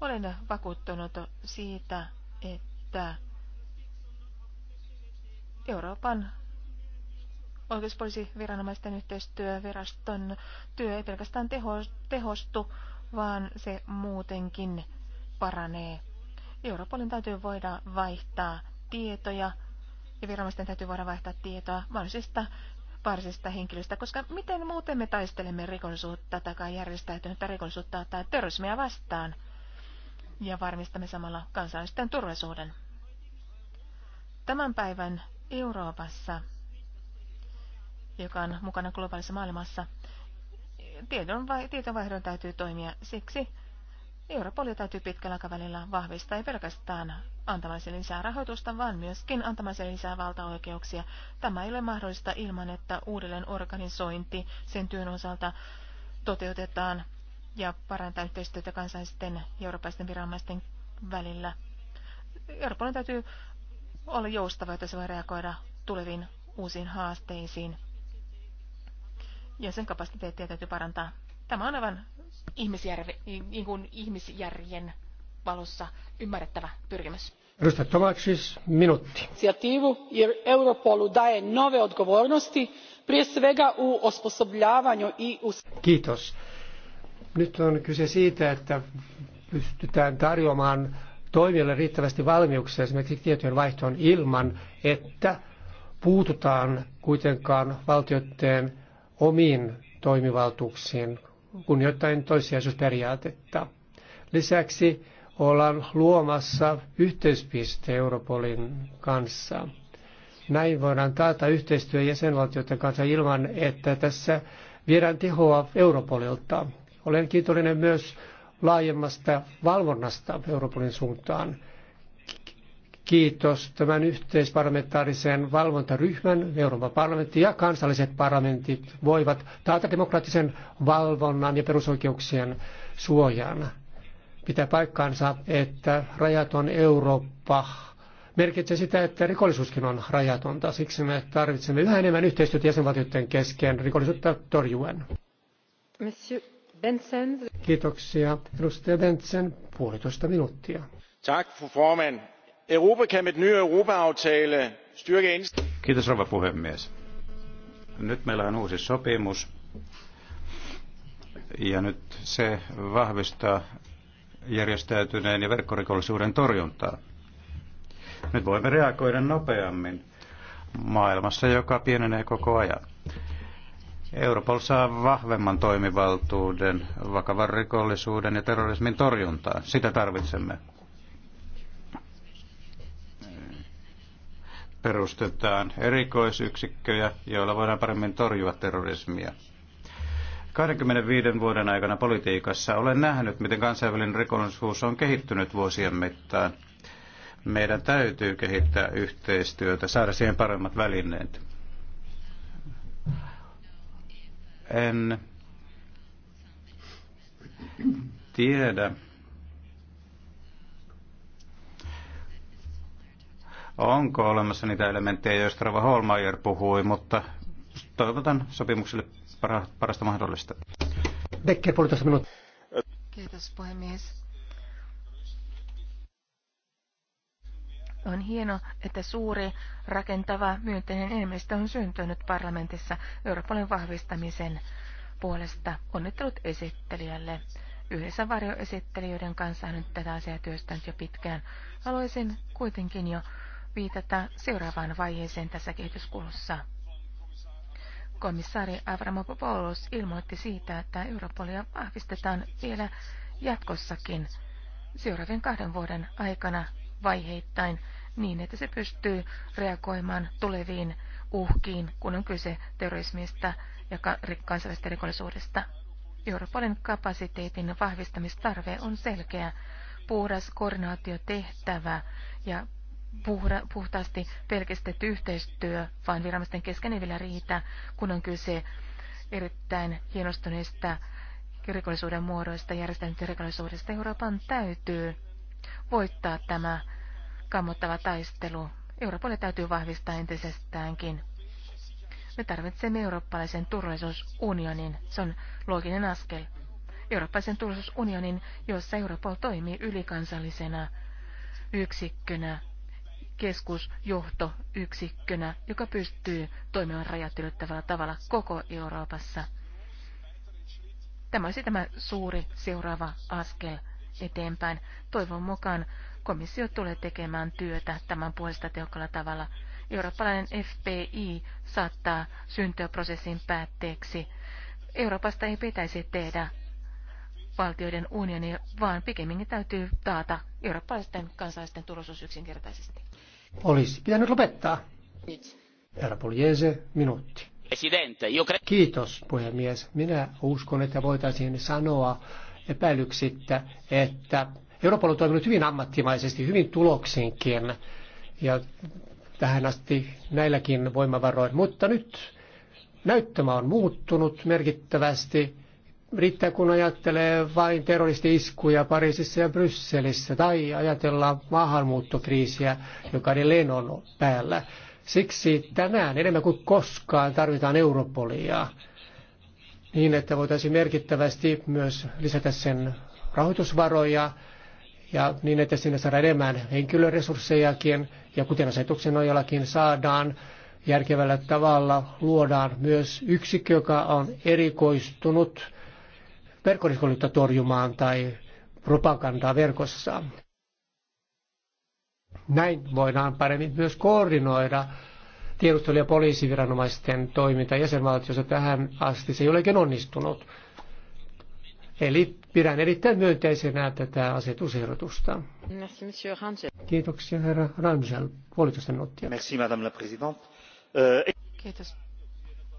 Olen vakuuttunut siitä, että Euroopan oikeuspoliisiviranomaisten yhteistyöviraston työ ei pelkästään tehostu, vaan se muutenkin paranee. Europolin täytyy voida vaihtaa tietoja ja viranomaisten täytyy voida vaihtaa tietoa mahdollisista varsista henkilöistä, koska miten muuten me taistelemme rikollisuutta tai järjestäytynyttä rikollisuutta tai terrorismia vastaan – ja varmistamme samalla kansallisten turvallisuuden. Tämän päivän Euroopassa, joka on mukana globaalissa maailmassa, tietovaihdon täytyy toimia siksi, Europoli täytyy pitkällä aikavälillä vahvistaa ei pelkästään antamaisen lisää rahoitusta, vaan myöskin antamaisen lisää valtaoikeuksia. Tämä ei ole mahdollista ilman, että uudelleen organisointi sen työn osalta toteutetaan ja parantaa yhteistyötä kansallisten ja eurooppalaisten viranomaisten välillä. Euroopan täytyy olla joustava, jotta se voi reagoida tuleviin uusiin haasteisiin. Ja sen kapasiteettia täytyy parantaa. Tämä on aivan ihmisjärve, niin kuin ihmisjärjen valossa ymmärrettävä pyrkimys. Edustaja Tomacis, minuutti. Iniciativu jer Europolu daje nove odgovornosti, prije svega u osposobljavanju i... Kiitos nyt on kyse siitä, että pystytään tarjoamaan toimijoille riittävästi valmiuksia esimerkiksi tietojen vaihtoon ilman, että puututaan kuitenkaan valtioiden omiin toimivaltuuksiin kunnioittain toissijaisuusperiaatetta. Lisäksi ollaan luomassa yhteispiste Europolin kanssa. Näin voidaan taata yhteistyö jäsenvaltioiden kanssa ilman, että tässä viedään tehoa Europolilta. Olen kiitollinen myös laajemmasta valvonnasta Europolin suuntaan. Kiitos tämän yhteisparlamentaarisen valvontaryhmän, Euroopan parlamentti ja kansalliset parlamentit voivat taata demokraattisen valvonnan ja perusoikeuksien suojan. Pitää paikkaansa, että rajaton Eurooppa merkitsee sitä, että rikollisuuskin on rajatonta. Siksi me tarvitsemme yhä enemmän yhteistyötä jäsenvaltioiden kesken rikollisuutta torjuen. Monsieur Benson. Kiitoksia. Edustaja Benson, puolitoista minuuttia. Tack, Europa kan med nye Europa-aftale styrke... Kiitos, rouva puhemies. Nyt meillä on uusi sopimus, ja nyt se vahvistaa järjestäytyneen ja verkkorikollisuuden torjuntaa. Nyt voimme reagoida nopeammin maailmassa, joka pienenee koko ajan. Europol saa vahvemman toimivaltuuden vakavan rikollisuuden ja terrorismin torjuntaan. Sitä tarvitsemme. Perustetaan erikoisyksikköjä, joilla voidaan paremmin torjua terrorismia. 25 vuoden aikana politiikassa olen nähnyt, miten kansainvälinen rikollisuus on kehittynyt vuosien mittaan. Meidän täytyy kehittää yhteistyötä, saada siihen paremmat välineet. En tiedä. Onko olemassa niitä elementtejä, joista Rava Holmeyer puhui, mutta toivotan sopimukselle parasta mahdollista. Becker, puolitoista minuuttia. Kiitos puhemies On hieno, että suuri, rakentava, myönteinen enemmistö on syntynyt parlamentissa Euroopan vahvistamisen puolesta. Onnittelut esittelijälle. Yhdessä varjoesittelijöiden kanssa on nyt tätä asiaa työstänyt jo pitkään. Haluaisin kuitenkin jo viitata seuraavaan vaiheeseen tässä kehityskulussa. Komissaari Avramopoulos ilmoitti siitä, että Europolia vahvistetaan vielä jatkossakin seuraavien kahden vuoden aikana vaiheittain niin, että se pystyy reagoimaan tuleviin uhkiin, kun on kyse terrorismista ja kansainvälisestä rikollisuudesta. Europolin kapasiteetin vahvistamistarve on selkeä, puhdas koordinaatiotehtävä ja puhra, puhtaasti pelkistetty yhteistyö, vaan viranomaisten kesken ei vielä riitä, kun on kyse erittäin hienostuneista rikollisuuden muodoista, järjestäytyneestä rikollisuudesta. Euroopan täytyy voittaa tämä kammottava taistelu. Euroopalle täytyy vahvistaa entisestäänkin. Me tarvitsemme eurooppalaisen turvallisuusunionin. Se on looginen askel. Eurooppalaisen turvallisuusunionin, jossa Europol toimii ylikansallisena yksikkönä, keskusjohtoyksikkönä, joka pystyy toimimaan rajat ylittävällä tavalla koko Euroopassa. Tämä olisi tämä suuri seuraava askel eteenpäin. Toivon mukaan komissio tulee tekemään työtä tämän puolesta tehokkaalla tavalla. Eurooppalainen FPI saattaa syntyä prosessin päätteeksi. Euroopasta ei pitäisi tehdä valtioiden unioni, vaan pikemminkin täytyy taata eurooppalaisten kansalaisten turvallisuus yksinkertaisesti. Olisi pitänyt lopettaa. Herra Poliese, minuutti. Kiitos, puhemies. Minä uskon, että voitaisiin sanoa, epäilyksittä, että Europol on toiminut hyvin ammattimaisesti, hyvin tuloksinkin ja tähän asti näilläkin voimavaroin. Mutta nyt näyttämä on muuttunut merkittävästi. Riittää kun ajattelee vain terroristi-iskuja Pariisissa ja Brysselissä tai ajatellaan maahanmuuttokriisiä, joka edelleen on päällä. Siksi tänään enemmän kuin koskaan tarvitaan Europolia niin, että voitaisiin merkittävästi myös lisätä sen rahoitusvaroja ja niin, että sinne saadaan enemmän henkilöresurssejakin ja kuten asetuksen nojallakin saadaan järkevällä tavalla luodaan myös yksikkö, joka on erikoistunut verkkorikollisuutta torjumaan tai propagandaa verkossa. Näin voidaan paremmin myös koordinoida tiedustelu- ja poliisiviranomaisten toiminta jäsenvaltiossa tähän asti. Se ei olekin onnistunut. Eli pidän erittäin myönteisenä tätä asetusehdotusta. Kiitoksia, herra Rangel. Puolitoista minuuttia. Merci, madame la présidente. Kiitos,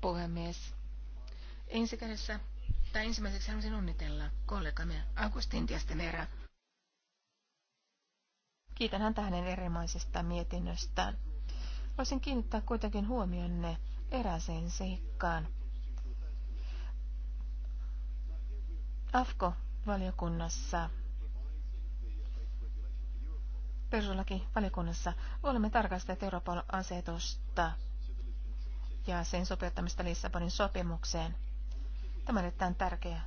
puhemies. kädessä, tai ensimmäiseksi haluaisin onnitella kollegamme Augustin Tiestemera. Kiitän häntä hänen erimaisesta mietinnöstään. Voisin kiinnittää kuitenkin huomionne eräseen seikkaan. AFKO-valiokunnassa, perustuslaki-valiokunnassa, olemme tarkastaneet Euroopan asetusta ja sen sopeuttamista Lissabonin sopimukseen. Tämä on erittäin tärkeä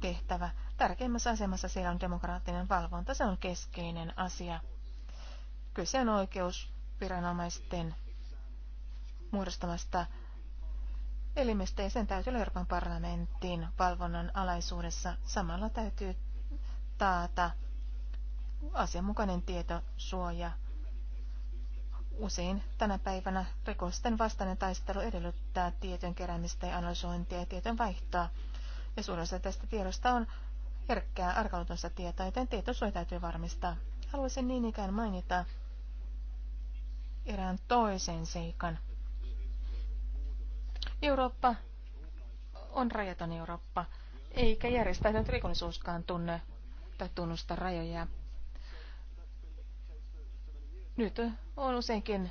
tehtävä. Tärkeimmässä asemassa siellä on demokraattinen valvonta. Se on keskeinen asia. Kyse on oikeus viranomaisten muodostamasta elimestä ja sen täytyy olla Euroopan parlamentin valvonnan alaisuudessa. Samalla täytyy taata asianmukainen tietosuoja. Usein tänä päivänä rikosten vastainen taistelu edellyttää tietojen keräämistä ja analysointia ja tietojen vaihtoa. Ja suurin tästä tiedosta on herkkää arkaluutonsa tietoa, joten tietosuoja täytyy varmistaa. Haluaisin niin ikään mainita, erään toisen seikan. Eurooppa on rajaton Eurooppa, eikä järjestäytynyt rikollisuuskaan tunne tai tunnusta rajoja. Nyt on useinkin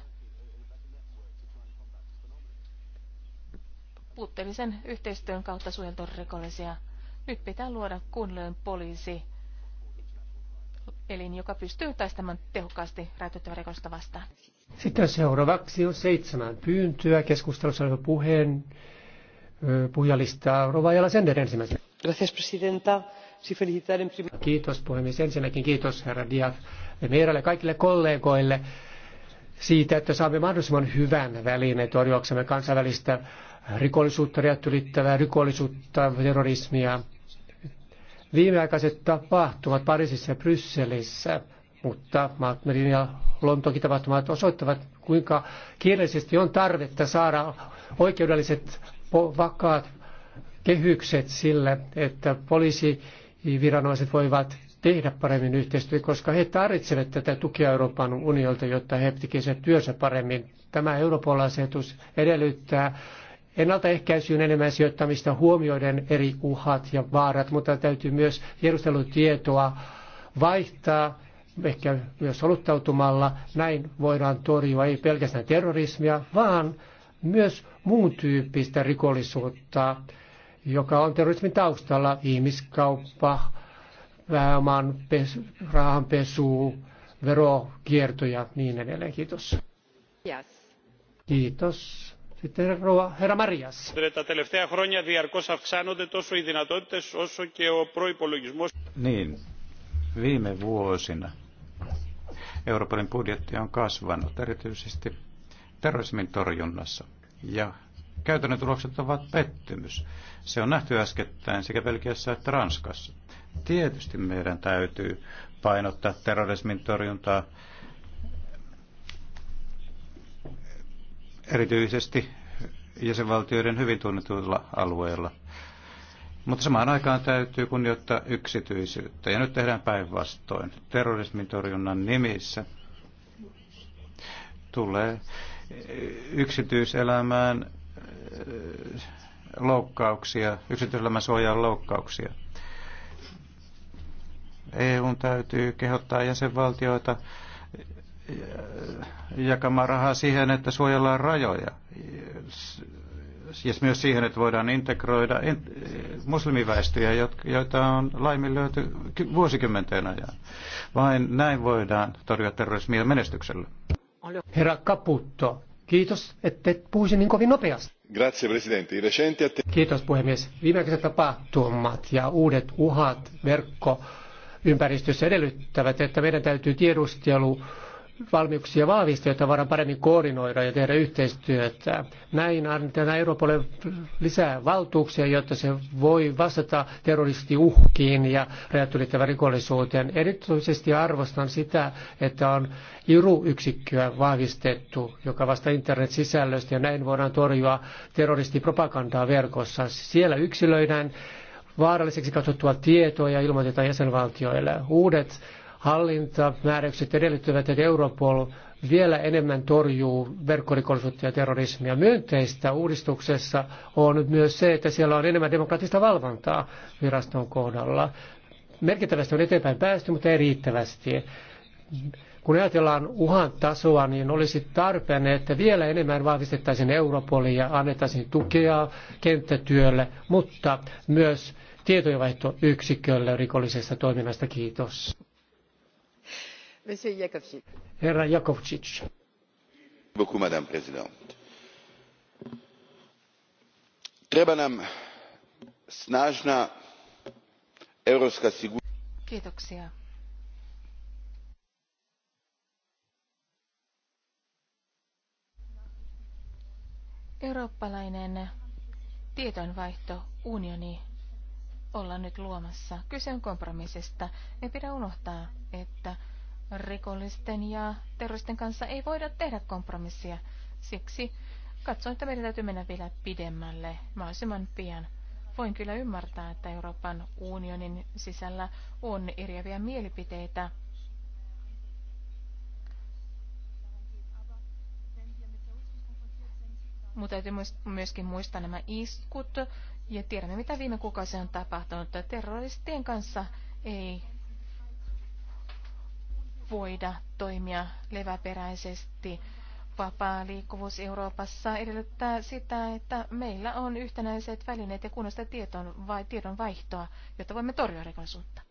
puutteellisen yhteistyön kautta suojeltu rikollisia. Nyt pitää luoda kunnollinen poliisi, elin, joka pystyy taistamaan tehokkaasti räätyttävä rikosta vastaan. Sitten seuraavaksi on seitsemän pyyntöä. Keskustelussa on puheen puhujalistaa Jala Sender ensimmäisenä. Gracias, presidenta. Kiitos puhemies. Ensinnäkin kiitos herra Diaz meidälle kaikille kollegoille siitä, että saamme mahdollisimman hyvän välineen torjuaksemme kansainvälistä rikollisuutta, rajat ylittävää rikollisuutta, terrorismia. Viimeaikaiset tapahtumat Pariisissa ja Brysselissä mutta Maltmerin ja Lontokin tapahtumat osoittavat, kuinka kielellisesti on tarvetta saada oikeudelliset vakaat kehykset sille, että poliisiviranomaiset voivat tehdä paremmin yhteistyötä, koska he tarvitsevat tätä tukea Euroopan unionilta, jotta he tekevät työnsä paremmin. Tämä Euroopan asetus edellyttää ennaltaehkäisyyn enemmän sijoittamista huomioiden eri uhat ja vaarat, mutta täytyy myös tiedustelutietoa vaihtaa ehkä myös soluttautumalla, Näin voidaan torjua ei pelkästään terrorismia, vaan myös muun tyyppistä rikollisuutta, joka on terrorismin taustalla, ihmiskauppa, pääoman pesu, rahanpesu, verokierto ja niin edelleen. Kiitos. Yes. Kiitos. Sitten herra Marias. Niin, viime vuosina Euroopan budjetti on kasvanut, erityisesti terrorismin torjunnassa. Ja käytännön tulokset ovat pettymys. Se on nähty äskettäin sekä Belgiassa että Ranskassa. Tietysti meidän täytyy painottaa terrorismin torjuntaa erityisesti jäsenvaltioiden hyvin tunnetuilla alueilla – mutta samaan aikaan täytyy kunnioittaa yksityisyyttä. Ja nyt tehdään päinvastoin. Terrorismin torjunnan nimissä tulee yksityiselämään äh, loukkauksia, yksityiselämän suojaan loukkauksia. EUn täytyy kehottaa jäsenvaltioita äh, jakamaan rahaa siihen, että suojellaan rajoja ja siis myös siihen, että voidaan integroida muslimiväestöjä, joita on laiminlyöty vuosikymmenten ajan. Vain näin voidaan torjua terrorismia menestyksellä. Herra Caputto, kiitos, että puhuisin niin kovin nopeasti. Grazie, presidente. Recenti Kiitos, puhemies. Viimeiset tapahtumat ja uudet uhat verkko ympäristössä edellyttävät, että meidän täytyy tiedustelu valmiuksia vahvistaa, jotta voidaan paremmin koordinoida ja tehdä yhteistyötä. Näin annetaan Euroopalle lisää valtuuksia, jotta se voi vastata terroristiuhkiin ja rajat ylittävän rikollisuuteen. Erityisesti arvostan sitä, että on IRU-yksikköä vahvistettu, joka vastaa internet-sisällöstä ja näin voidaan torjua terroristipropagandaa verkossa. Siellä yksilöidään vaaralliseksi katsottua tietoa ja ilmoitetaan jäsenvaltioille. Uudet hallintamääräykset edellyttävät, että Europol vielä enemmän torjuu verkkorikollisuutta ja terrorismia. Myönteistä uudistuksessa on nyt myös se, että siellä on enemmän demokraattista valvontaa viraston kohdalla. Merkittävästi on eteenpäin päästy, mutta ei riittävästi. Kun ajatellaan uhan tasoa, niin olisi tarpeen, että vielä enemmän vahvistettaisiin Europolia ja annettaisiin tukea kenttätyölle, mutta myös tietojenvaihtoyksikölle rikollisesta toiminnasta. Kiitos. Herra Jakovčić. Treba nam snažna europska Kiitoksia. Eurooppalainen tietojenvaihto unioni ollaan nyt luomassa. Kyse on kompromissista. Ei pidä unohtaa, että rikollisten ja terroristen kanssa ei voida tehdä kompromissia. Siksi katson, että meidän täytyy mennä vielä pidemmälle mahdollisimman pian. Voin kyllä ymmärtää, että Euroopan unionin sisällä on eriäviä mielipiteitä. Mutta täytyy myöskin muistaa nämä iskut, ja tiedämme, mitä viime kuukausi on tapahtunut. Terroristien kanssa ei voida toimia leväperäisesti. Vapaa liikkuvuus Euroopassa edellyttää sitä, että meillä on yhtenäiset välineet ja kunnosta tiedon, vai, tiedon vaihtoa, jotta voimme torjua rikollisuutta.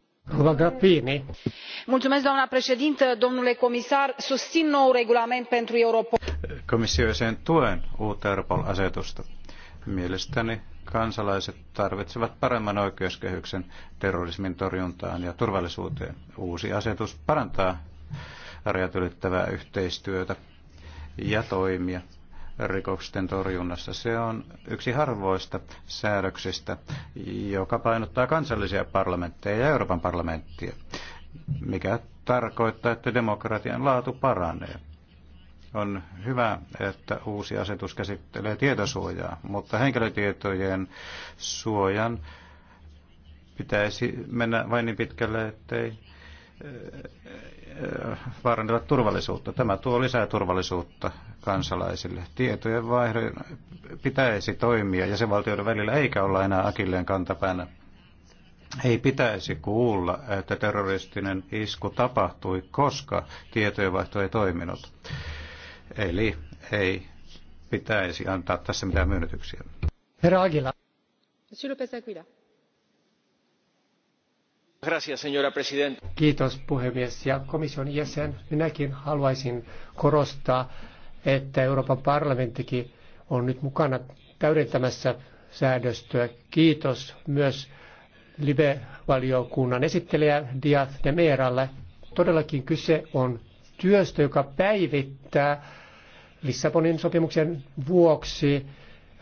doamnă președintă domnule comisar susțin noul regulament pentru europol. tuen uutta europol asetusta. mielestäni kansalaiset tarvitsevat paremman oikeuskehyksen terrorismin torjuntaan ja turvallisuuteen. Uusi asetus parantaa rajat ylittävää yhteistyötä ja toimia rikosten torjunnassa. Se on yksi harvoista säädöksistä, joka painottaa kansallisia parlamentteja ja Euroopan parlamenttia, mikä tarkoittaa, että demokratian laatu paranee. On hyvä, että uusi asetus käsittelee tietosuojaa, mutta henkilötietojen suojan pitäisi mennä vain niin pitkälle, ettei vaarantavat turvallisuutta. Tämä tuo lisää turvallisuutta kansalaisille. Tietojen vaihdon pitäisi toimia jäsenvaltioiden välillä eikä olla enää akilleen kantapäänä. Ei pitäisi kuulla, että terroristinen isku tapahtui, koska tietojenvaihto ei toiminut. Eli ei pitäisi antaa tässä mitään myönnytyksiä. Herra Agila. Monsieur Kiitos puhemies ja komission jäsen. Minäkin haluaisin korostaa, että Euroopan parlamenttikin on nyt mukana täydentämässä säädöstöä. Kiitos myös live-valiokunnan esittelijä Diaz de Meeralle. Todellakin kyse on työstä, joka päivittää Lissabonin sopimuksen vuoksi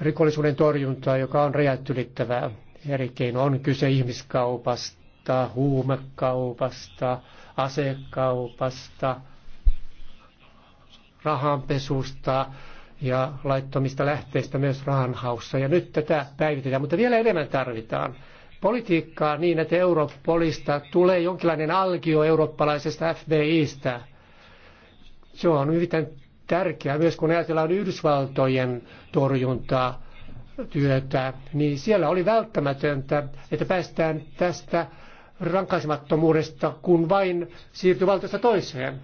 rikollisuuden torjuntaa, joka on rajat ylittävää. Eri keino on kyse ihmiskaupasta kaupasta, huumekaupasta, asekaupasta, rahanpesusta ja laittomista lähteistä myös rahanhaussa. Ja nyt tätä päivitetään, mutta vielä enemmän tarvitaan politiikkaa niin, että Europolista tulee jonkinlainen alkio eurooppalaisesta FBIstä. Se on hyvin tärkeää myös, kun ajatellaan Yhdysvaltojen torjuntaa työtä, niin siellä oli välttämätöntä, että päästään tästä rankaisemattomuudesta, kun vain siirtyi valtiosta toiseen.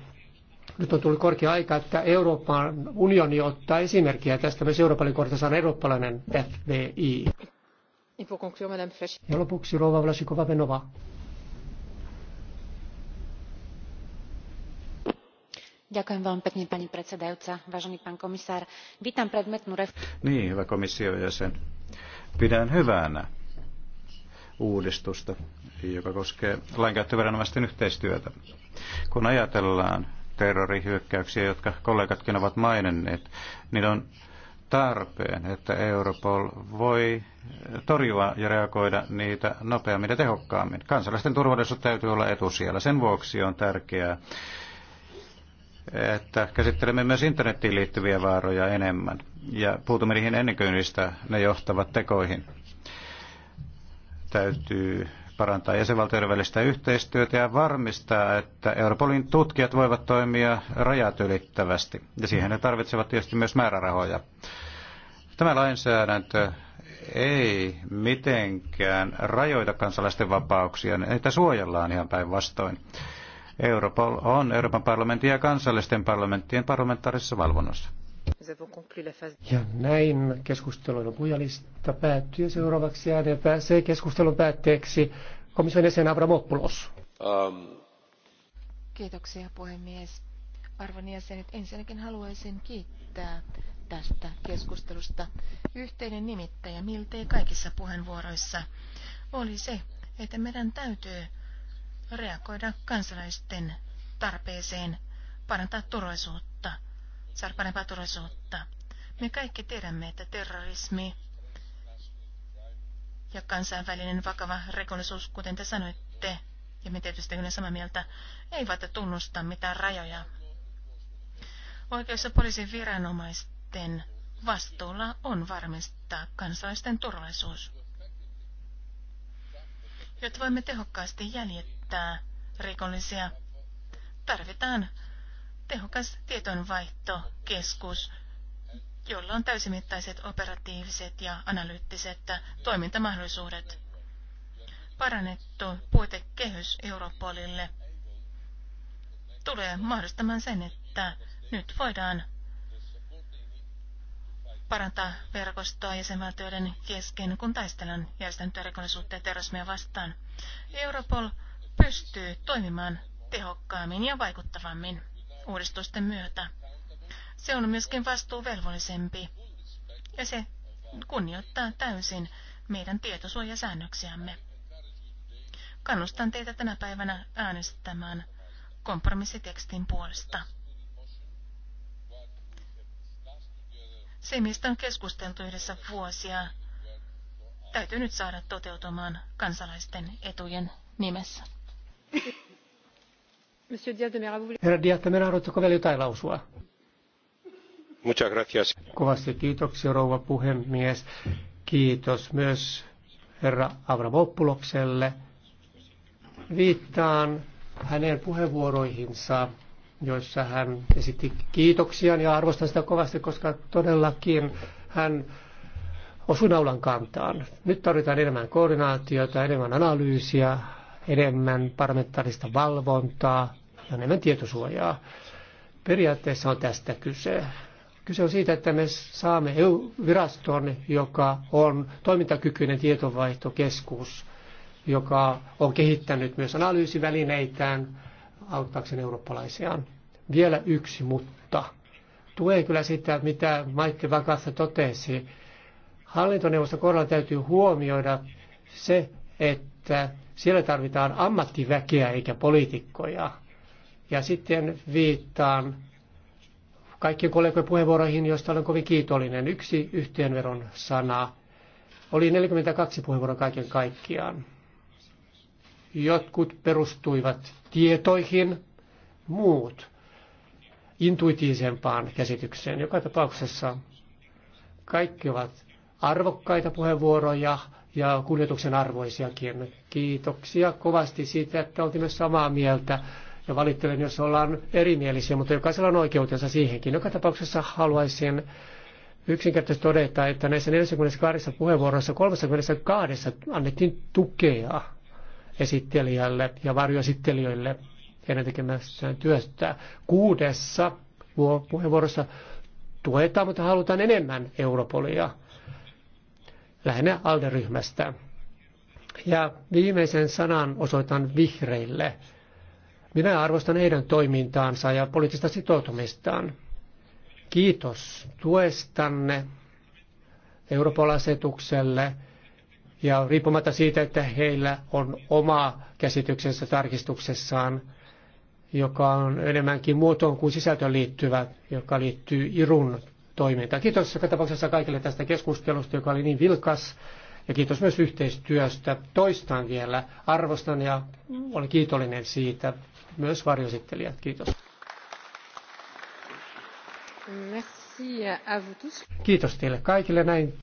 Nyt on tullut korkea aika, että Euroopan unioni ottaa esimerkkiä tästä. Myös Euroopan korta on eurooppalainen FBI. Ja lopuksi Rova Vlasikova Venova. Niin, hyvä komissio jäsen. Pidän hyvänä uudistusta, joka koskee lainkäyttöviranomaisten yhteistyötä. Kun ajatellaan terrorihyökkäyksiä, jotka kollegatkin ovat maininneet, niin on tarpeen, että Europol voi torjua ja reagoida niitä nopeammin ja tehokkaammin. Kansalaisten turvallisuus täytyy olla etusijalla. Sen vuoksi on tärkeää, että käsittelemme myös internettiin liittyviä vaaroja enemmän ja puutumme niihin ennen kuin niistä ne johtavat tekoihin. Täytyy parantaa jäsenvaltioiden välistä yhteistyötä ja varmistaa, että Europolin tutkijat voivat toimia rajat ylittävästi. Ja siihen ne tarvitsevat tietysti myös määrärahoja. Tämä lainsäädäntö ei mitenkään rajoita kansalaisten vapauksia, niitä suojellaan ihan päinvastoin. Europol on Euroopan parlamentin ja kansallisten parlamenttien parlamentaarisessa valvonnassa. Ja näin keskustelun puhujalista päättyy. Seuraavaksi ääneen pääsee keskustelun päätteeksi komission jäsen Abramopoulos. Um. Ähm. Kiitoksia puhemies. Arvon jäsenet, ensinnäkin haluaisin kiittää tästä keskustelusta. Yhteinen nimittäjä miltei kaikissa puheenvuoroissa oli se, että meidän täytyy reagoida kansalaisten tarpeeseen parantaa turvallisuutta sarpana parempaa turvallisuutta. Me kaikki tiedämme, että terrorismi ja kansainvälinen vakava rikollisuus, kuten te sanoitte, ja me tietysti olemme samaa mieltä, eivät tunnusta mitään rajoja. Oikeus- ja poliisin viranomaisten vastuulla on varmistaa kansalaisten turvallisuus. Jotta voimme tehokkaasti jäljittää rikollisia, tarvitaan tehokas tietonvaihtokeskus, jolla on täysimittaiset operatiiviset ja analyyttiset toimintamahdollisuudet. Parannettu puitekehys Europolille tulee mahdollistamaan sen, että nyt voidaan parantaa verkostoa jäsenvaltioiden kesken, kun taistellaan järjestäntöä rikollisuutta ja terrorismia vastaan. Europol pystyy toimimaan tehokkaammin ja vaikuttavammin uudistusten myötä. Se on myöskin vastuuvelvollisempi ja se kunnioittaa täysin meidän tietosuojasäännöksiämme. Kannustan teitä tänä päivänä äänestämään kompromissitekstin puolesta. Se, mistä on keskusteltu yhdessä vuosia, täytyy nyt saada toteutumaan kansalaisten etujen nimessä. Herra Diaz de Mera, haluatteko vielä jotain lausua? Muchas gracias. Kovasti kiitoksia, rouva puhemies. Kiitos myös herra Avramopulokselle. Viittaan hänen puheenvuoroihinsa, joissa hän esitti kiitoksia ja arvostan sitä kovasti, koska todellakin hän osui naulan kantaan. Nyt tarvitaan enemmän koordinaatiota, enemmän analyysiä, enemmän parlamentaarista valvontaa ja enemmän tietosuojaa. Periaatteessa on tästä kyse. Kyse on siitä, että me saamme EU-viraston, joka on toimintakykyinen tietovaihtokeskus, joka on kehittänyt myös analyysivälineitään auttaakseen eurooppalaisiaan. Vielä yksi mutta. Tulee kyllä sitä, mitä Maitte Vakassa totesi. Hallintoneuvoston kohdalla täytyy huomioida se, että siellä tarvitaan ammattiväkeä eikä poliitikkoja. Ja sitten viittaan kaikkien kollegojen puheenvuoroihin, joista olen kovin kiitollinen. Yksi yhteenveron sana. Oli 42 puheenvuoroa kaiken kaikkiaan. Jotkut perustuivat tietoihin, muut intuitiivisempaan käsitykseen. Joka tapauksessa kaikki ovat arvokkaita puheenvuoroja, ja kuljetuksen arvoisiakin. Kiitoksia kovasti siitä, että oltiin myös samaa mieltä. Ja valittelen, jos ollaan erimielisiä, mutta jokaisella on oikeutensa siihenkin. Joka tapauksessa haluaisin yksinkertaisesti todeta, että näissä 42 puheenvuorossa 32 annettiin tukea esittelijälle ja varjoesittelijöille heidän tekemässään työstä. Kuudessa puheenvuorossa tuetaan, mutta halutaan enemmän Europolia lähinnä alderyhmästä. Ja viimeisen sanan osoitan vihreille. Minä arvostan heidän toimintaansa ja poliittista sitoutumistaan. Kiitos tuestanne Euroopan ja riippumatta siitä, että heillä on oma käsityksensä tarkistuksessaan, joka on enemmänkin muotoon kuin sisältöön liittyvä, joka liittyy Irun toimintaa. Kiitos joka tapauksessa kaikille tästä keskustelusta, joka oli niin vilkas. Ja kiitos myös yhteistyöstä. Toistan vielä. Arvostan ja olen kiitollinen siitä. Myös varjosittelijat. Kiitos. Kiitos teille kaikille näin.